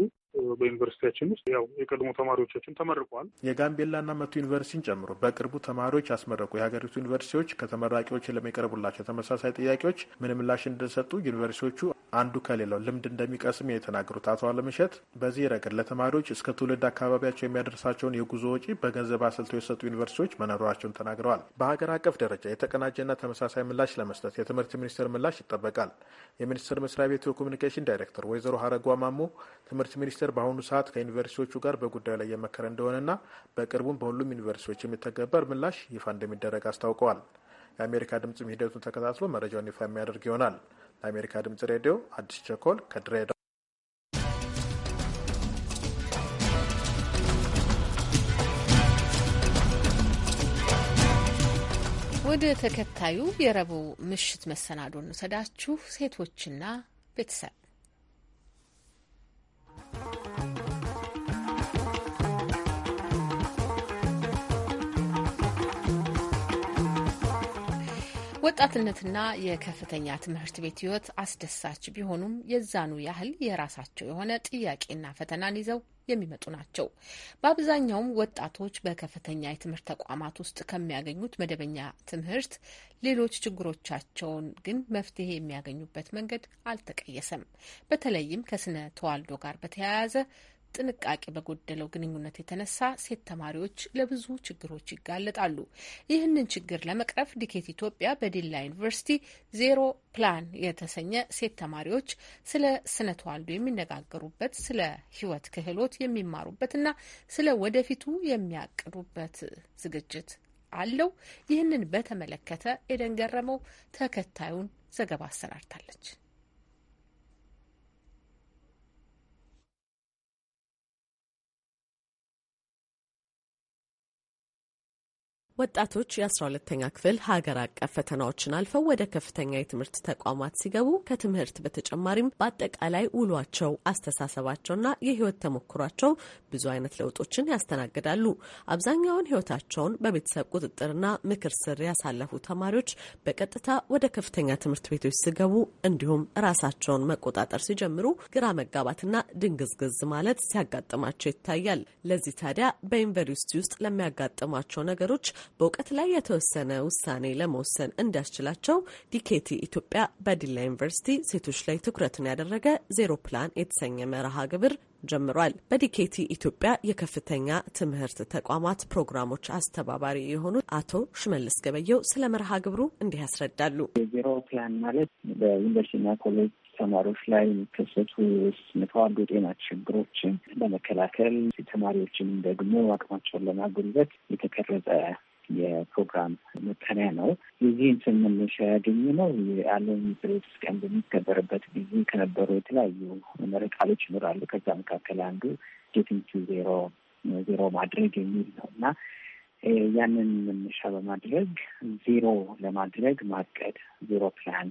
በዩኒቨርሲቲያችን ውስጥ ያው የቀድሞ ተማሪዎቻችን ተመርቋል። የጋምቤላና መቱ ዩኒቨርሲቲን ጨምሮ በቅርቡ ተማሪዎች ያስመረቁ የሀገሪቱ ዩኒቨርሲቲዎች ከተመራቂዎች ለሚቀርቡላቸው ተመሳሳይ ጥያቄዎች ምን ምላሽ እንደሰጡ ዩኒቨርሲቲዎቹ አንዱ ከሌላው ልምድ እንደሚቀስም የተናገሩት አቶ አለምሸት በዚህ ረገድ ለተማሪዎች እስከ ትውልድ አካባቢያቸው የሚያደርሳቸውን የጉዞ ወጪ በገንዘብ አስልተው የሰጡ ዩኒቨርሲቲዎች መኖራቸውን ተናግረዋል። በሀገር አቀፍ ደረጃ የተቀናጀና ተመሳሳይ ምላሽ ለመስጠት የትምህርት ሚኒስቴር ምላሽ ይጠበቃል። የሚኒስቴር መስሪያ ቤቱ የኮሚኒኬሽን ዳይሬክተር ወይዘሮ ሀረጓ ማሞ ትምህርት ሚኒስቴር በአሁኑ ሰዓት ከዩኒቨርሲቲዎቹ ጋር በጉዳዩ ላይ እየመከረ እንደሆነና በቅርቡም በሁሉም ዩኒቨርሲቲዎች የሚተገበር ምላሽ ይፋ እንደሚደረግ አስታውቀዋል። የአሜሪካ ድምፅም ሂደቱን ተከታትሎ መረጃውን ይፋ የሚያደርግ ይሆናል። ለአሜሪካ ድምፅ ሬዲዮ አዲስ ቸኮል ከድሬዳዋ። ወደ ተከታዩ የረቡዕ ምሽት መሰናዶ እንውሰዳችሁ። ሴቶችና ቤተሰብ ወጣትነትና የከፍተኛ ትምህርት ቤት ህይወት አስደሳች ቢሆኑም የዛኑ ያህል የራሳቸው የሆነ ጥያቄና ፈተናን ይዘው የሚመጡ ናቸው። በአብዛኛውም ወጣቶች በከፍተኛ የትምህርት ተቋማት ውስጥ ከሚያገኙት መደበኛ ትምህርት ሌሎች ችግሮቻቸውን ግን መፍትሄ የሚያገኙበት መንገድ አልተቀየሰም። በተለይም ከስነ ተዋልዶ ጋር በተያያዘ ጥንቃቄ በጎደለው ግንኙነት የተነሳ ሴት ተማሪዎች ለብዙ ችግሮች ይጋለጣሉ። ይህንን ችግር ለመቅረፍ ዲኬት ኢትዮጵያ በዲላ ዩኒቨርሲቲ ዜሮ ፕላን የተሰኘ ሴት ተማሪዎች ስለ ስነ ተዋልዶ የሚነጋገሩበት፣ ስለ ህይወት ክህሎት የሚማሩበትና ስለ ወደፊቱ የሚያቅዱበት ዝግጅት አለው። ይህንን በተመለከተ ኤደን ገረመው ተከታዩን ዘገባ አሰናድታለች። ወጣቶች የ12ተኛ ክፍል ሀገር አቀፍ ፈተናዎችን አልፈው ወደ ከፍተኛ የትምህርት ተቋማት ሲገቡ ከትምህርት በተጨማሪም በአጠቃላይ ውሏቸው፣ አስተሳሰባቸውና የህይወት ተሞክሯቸው ብዙ አይነት ለውጦችን ያስተናግዳሉ። አብዛኛውን ህይወታቸውን በቤተሰብ ቁጥጥርና ምክር ስር ያሳለፉ ተማሪዎች በቀጥታ ወደ ከፍተኛ ትምህርት ቤቶች ሲገቡ እንዲሁም ራሳቸውን መቆጣጠር ሲጀምሩ ግራ መጋባትና ድንግዝግዝ ማለት ሲያጋጥማቸው ይታያል። ለዚህ ታዲያ በዩኒቨርሲቲ ውስጥ ለሚያጋጥማቸው ነገሮች በእውቀት ላይ የተወሰነ ውሳኔ ለመወሰን እንዲያስችላቸው ዲኬቲ ኢትዮጵያ በዲላ ዩኒቨርሲቲ ሴቶች ላይ ትኩረትን ያደረገ ዜሮ ፕላን የተሰኘ መርሃ ግብር ጀምሯል። በዲኬቲ ኢትዮጵያ የከፍተኛ ትምህርት ተቋማት ፕሮግራሞች አስተባባሪ የሆኑት አቶ ሽመልስ ገበየው ስለ መርሃ ግብሩ እንዲህ ያስረዳሉ። የዜሮ ፕላን ማለት በዩኒቨርሲቲና ኮሌጅ ተማሪዎች ላይ የሚከሰቱ የተዋልዶ ጤና ችግሮችን ለመከላከል ተማሪዎችን ደግሞ አቅማቸውን ለማጎልበት የተቀረጸ የፕሮግራም መጠሪያ ነው። የዚህን ስም መነሻ ያገኘ ነው የዓለም ኤድስ ቀን በሚከበርበት ጊዜ ከነበሩ የተለያዩ መሪ ቃሎች ይኖራሉ። ከዛ መካከል አንዱ ጌቲንግ ቱ ዜሮ ዜሮ ማድረግ የሚል ነው እና ያንን መነሻ በማድረግ ዜሮ ለማድረግ ማቀድ ዜሮ ፕላን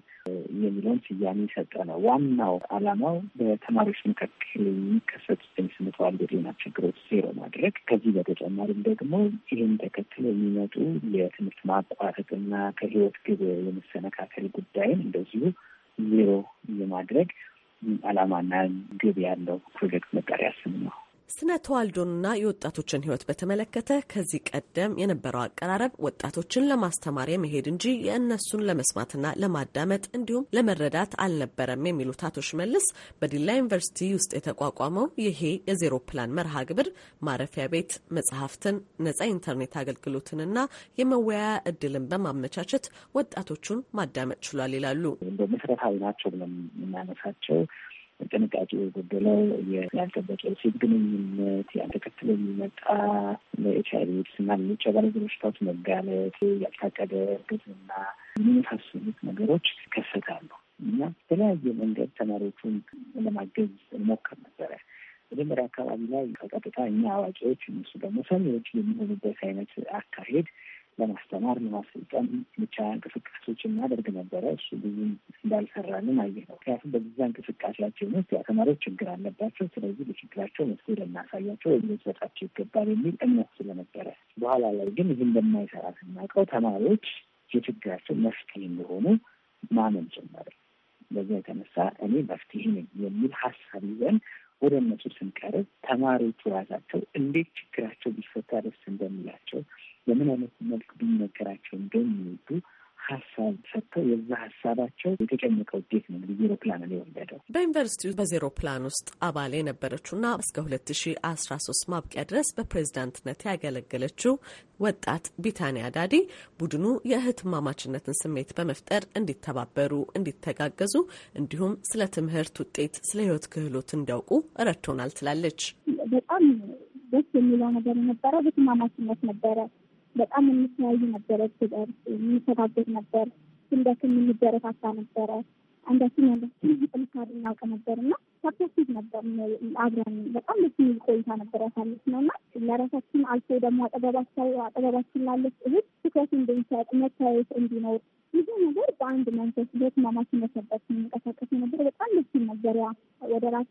የሚለውን ስያሜ የሰጠ ነው። ዋናው ዓላማው በተማሪዎች መካከል የሚከሰቱትን ስነ ተዋልዶ የጤና ችግሮች ዜሮ ማድረግ፣ ከዚህ በተጨማሪም ደግሞ ይህን ተከትሎ የሚመጡ የትምህርት ማቋረጥና ከህይወት ግብ የመሰነካከል ጉዳይን እንደዚሁ ዜሮ የማድረግ ዓላማና ግብ ያለው ፕሮጀክት መጠሪያ ስም ነው። ስነ ተዋልዶንና የወጣቶችን ህይወት በተመለከተ ከዚህ ቀደም የነበረው አቀራረብ ወጣቶችን ለማስተማር የመሄድ እንጂ የእነሱን ለመስማትና ለማዳመጥ እንዲሁም ለመረዳት አልነበረም የሚሉት አቶ ሽመልስ በዲላ ዩኒቨርሲቲ ውስጥ የተቋቋመው ይሄ የዜሮ ፕላን መርሃ ግብር ማረፊያ ቤት፣ መጽሐፍትን፣ ነጻ ኢንተርኔት አገልግሎትንና የመወያያ እድልን በማመቻቸት ወጣቶቹን ማዳመጥ ችሏል ይላሉ። መሰረታዊ ናቸው ብለን የምናነሳቸው ጥንቃቄ የጎደለው ያልጠበቀ የሴት ግንኙነት፣ ተከትሎ የሚመጣ ለኤች አይቪ ኤድስ እና ሌሎች አባላዘር በሽታዎች መጋለጥ፣ ያልታቀደ እርግዝና የመሳሰሉት ነገሮች ይከሰታሉ እና በተለያየ መንገድ ተማሪዎቹን ለማገዝ እንሞክር ነበረ። መጀመሪያ አካባቢ ላይ ከቀጥታ እኛ አዋቂዎች እነሱ ደግሞ ሰሚዎች የሚሆኑበት አይነት አካሄድ ለማስተማር ለማሰልጠን ብቻ እንቅስቃሴዎች እናደርግ ነበረ። እሱ ብዙ እንዳልሰራልን አየ ነው። ምክንያቱም በዛ እንቅስቃሴያችን ውስጥ ያ ተማሪዎች ችግር አለባቸው፣ ስለዚህ በችግራቸው መፍትሄ ልናሳያቸው ወይም ልንሰጣቸው ይገባል የሚል እምነት ስለነበረ በኋላ ላይ ግን ይህ እንደማይሰራ ስናውቀው ተማሪዎች የችግራቸው መፍትሄ እንደሆኑ ማመን ጀመረ። በዚያ የተነሳ እኔ መፍትሄ ነኝ የሚል ሀሳብ ይዘን ወደ እነሱ ስንቀርብ ተማሪዎቹ ራሳቸው እንዴት ችግራቸው ቢፈታ ደስ እንደሚላቸው በምን አይነት መልክ ቢነገራቸው እንደሚወዱ ሀሳብ ሰጥተው የዛ ሀሳባቸው የተጨመቀ ውጤት ነው እንግዲህ ዜሮ ፕላን ነው የወለደው። በዩኒቨርሲቲ በዜሮ ፕላን ውስጥ አባል የነበረችውና እስከ ሁለት ሺ አስራ ሶስት ማብቂያ ድረስ በፕሬዚዳንትነት ያገለገለችው ወጣት ቢታንያ ዳዲ ቡድኑ የእህትማማችነትን ስሜት በመፍጠር እንዲተባበሩ፣ እንዲተጋገዙ እንዲሁም ስለ ትምህርት ውጤት፣ ስለ ህይወት ክህሎት እንዲያውቁ ረድቶናል ትላለች። በጣም ደስ የሚለው ነገር የነበረው እህትማማችነት ነበረ። በጣም የምትለያዩ ነበረ። ስበር የምንሰጋገድ ነበር። ስንደክም የምንበረታታ ነበረ። አንዳችን ያለችን ጥንካሬ እናውቅ ነበር እና ሰፖርቲቭ ነበር። አብረን በጣም ደስ የሚል ቆይታ ነበር ነው እና ለራሳችን አልፎ ደግሞ አጠገባቸው አጠገባችን ላለች እህት ትኩረት እንድንሰጥ መታየት እንዲኖር ብዙ ነገር በአንድ መንፈስ በተማማችነት ነበር የሚንቀሳቀስ ነበር። በጣም ደስ ይል ነበር። ያ ወደ ራሴ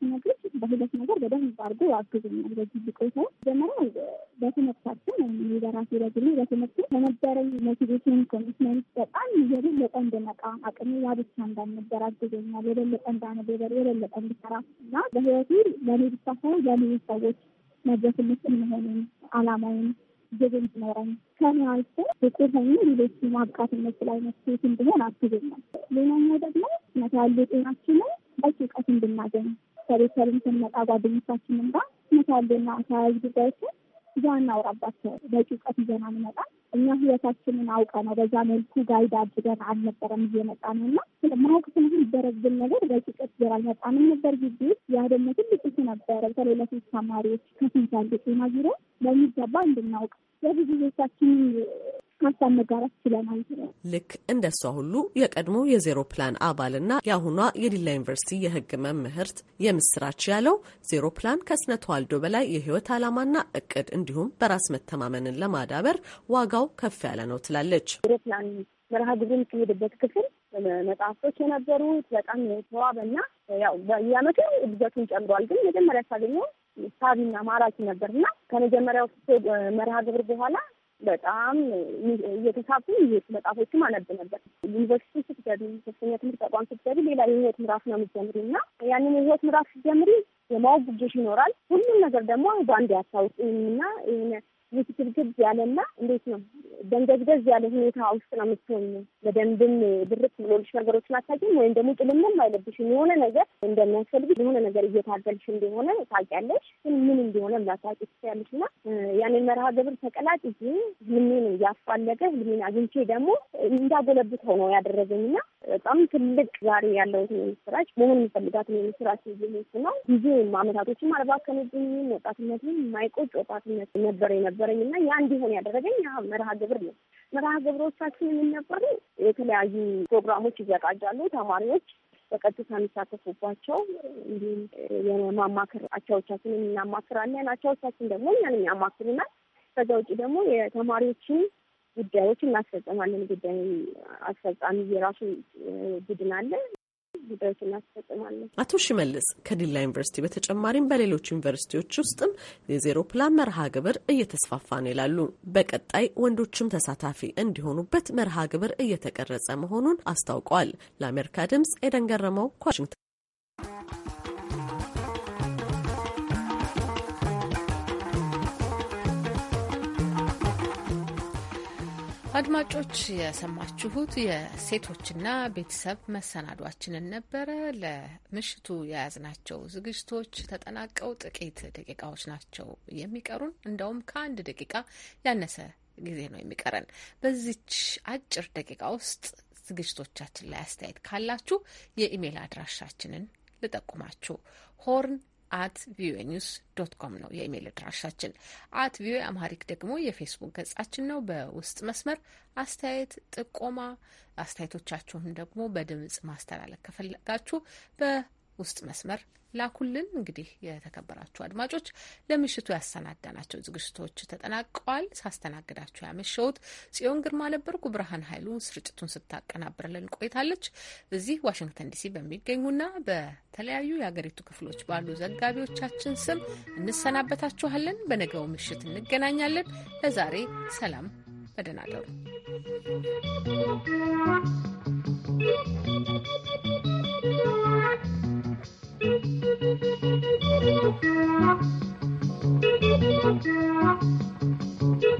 ሲነግር በሁለት ነገር በደንብ አድርጎ አግዞኛል። በዚህ ብቆይ ሰው መጀመሪያ በትምህርታችን ወይም በራሴ በግሌ በትምህርት ከነበረኝ ሞቲቬሽን ኮሚትመንት በጣም የበለጠ እንደመቃ አቅሜ ያ ብቻ እንዳልነበር አግዞኛል። የበለጠ እንዳነበበር፣ የበለጠ እንድሰራ እና በህይወቴ ለኔ ብቻ ሳይሆን ለሌሎች ሰዎች መድረስ የምችል መሆኑን አላማውን ግብ እንዲኖረኝ ከኔ አልፎ ብቁ ሆኑ ሌሎች ማብቃት የምችል አይነት ሴት እንዲሆን አስብኛል። ሌላኛው ደግሞ ነት ያሉ ጤናችንን በቂ እውቀት እንድናገኝ ከቤተሰብም ስንመጣ ጓደኞቻችንም ጋር ነት ያሉና ተያያዥ ጉዳዮችን እዛ እናውራባቸው በቂ እውቀት ይዘን አንመጣም። እኛ ህይወታችንን አውቀ ነው በዛ መልኩ ጋይድ አድርገን አልነበረም እየመጣ ነው እና ማወቅ ስንል ይደረግብን ነገር በቂ እውቀት ይዘን አልመጣንም ነበር ጊዜ ውስጥ ያ ደግሞ ትልቅ ነበረ። በተለይ ለሴት ተማሪዎች ከፊንዛል ጤና ቢሮ በሚገባ እንድናውቅ ለብዙ ሀሳብ መጋራት ችለናል። ልክ እንደሷ ሁሉ የቀድሞ የዜሮ ፕላን አባልና የአሁኗ የዲላ ዩኒቨርሲቲ የሕግ መምህርት የምስራች ያለው ዜሮ ፕላን ከስነ ተዋልዶ በላይ የህይወት ዓላማና እቅድ እንዲሁም በራስ መተማመንን ለማዳበር ዋጋው ከፍ ያለ ነው ትላለች። ዜሮ ፕላን መርሃ ክፍል መጽሐፍቶች የነበሩት በጣም የተዋበና ያው በየአመቱ እድገቱን ጨምሯል። ግን መጀመሪያ ሳገኘው ሳቢና ማራኪ ነበር እና ከመጀመሪያው መርሃ ግብር በኋላ በጣም እየተሳቱ ይሄት መጽሐፎችም አነብ ነበር። ዩኒቨርሲቲ ስትገቢ፣ ሶስተኛ ትምህርት ተቋም ስትገቢ ሌላ የህይወት ምዕራፍ ነው የምትጀምሪ እና ያንን የህይወት ምዕራፍ ስትጀምሪ የማወቅ ጉጆች ይኖራል። ሁሉም ነገር ደግሞ በአንድ እና ያስታውቅና ውስግብግብ ያለና እንዴት ነው ደንገዝገዝ ያለ ሁኔታ ውስጥ ነው የምትሆኝ። በደንብም ድርቅ ብሎልሽ ነገሮችን አታውቂም፣ ወይም ደግሞ ጥልምም አይለብሽም። የሆነ ነገር እንደሚያስፈልግሽ የሆነ ነገር እየታገልሽ እንደሆነ ታውቂያለሽ፣ ግን ምን እንደሆነ ላታውቂ ትችያለሽ። እና ያንን መርሃ ግብር ተቀላቅዬ ህልሜን እያፋለገ ህልሜን አግኝቼ ደግሞ እንዳጎለብተው ነው ያደረገኝ እና በጣም ትልቅ ዛሬ ያለሁት የምስራች መሆን የምፈልጋት የምስራች ነው። ጊዜ አመታቶችም አልባከንብኝም። ወጣትነትም የማይቆጭ ወጣትነት ነበር ነበር ነበረኝ እና ያ እንዲሆን ያደረገኝ ያ መርሃ ግብር ነው። መርሃ ግብሮቻችን የሚነበሩ የተለያዩ ፕሮግራሞች ይዘጋጃሉ። ተማሪዎች በቀጥታ የሚሳተፉባቸው እንዲሁም የማማከር አቻዎቻችንን እናማክራለን። አቻዎቻችን ደግሞ እኛን ያማክሩናል። ከዛ ውጭ ደግሞ የተማሪዎችን ጉዳዮች እናስፈጽማለን። ጉዳይ አስፈጻሚ የራሱ ቡድን አለ። ጉዳዮች እናስፈጽማለን። አቶ ሽመልስ ከዲላ ዩኒቨርሲቲ በተጨማሪም በሌሎች ዩኒቨርሲቲዎች ውስጥም የዜሮ ፕላን መርሃ ግብር እየተስፋፋ ነው ይላሉ። በቀጣይ ወንዶችም ተሳታፊ እንዲሆኑበት መርሃ ግብር እየተቀረጸ መሆኑን አስታውቀዋል። ለአሜሪካ ድምጽ ኤደን ገረመው ከዋሽንግተን አድማጮች የሰማችሁት የሴቶችና ቤተሰብ መሰናዷችንን ነበረ። ለምሽቱ የያዝናቸው ዝግጅቶች ተጠናቀው ጥቂት ደቂቃዎች ናቸው የሚቀሩን። እንደውም ከአንድ ደቂቃ ያነሰ ጊዜ ነው የሚቀረን። በዚች አጭር ደቂቃ ውስጥ ዝግጅቶቻችን ላይ አስተያየት ካላችሁ የኢሜይል አድራሻችንን ልጠቁማችሁ ሆርን አት ቪኦኤ ኒውስ ዶት ኮም ነው የኢሜይል አድራሻችን። አት ቪኦኤ አምሃሪክ ደግሞ የፌስቡክ ገጻችን ነው። በውስጥ መስመር አስተያየት፣ ጥቆማ አስተያየቶቻችሁን ደግሞ በድምጽ ማስተላለፍ ከፈለጋችሁ በ ውስጥ መስመር ላኩልን። እንግዲህ የተከበራችሁ አድማጮች ለምሽቱ ያሰናዳናቸው ዝግጅቶች ተጠናቀዋል። ሳስተናግዳችሁ ያመሸሁት ጽዮን ግርማ ነበርኩ። ብርሃን ኃይሉ ስርጭቱን ስታቀናብርልን ቆይታለች። እዚህ ዋሽንግተን ዲሲ በሚገኙና በተለያዩ የሀገሪቱ ክፍሎች ባሉ ዘጋቢዎቻችን ስም እንሰናበታችኋለን። በነገው ምሽት እንገናኛለን። ለዛሬ ሰላም፣ በደህና you.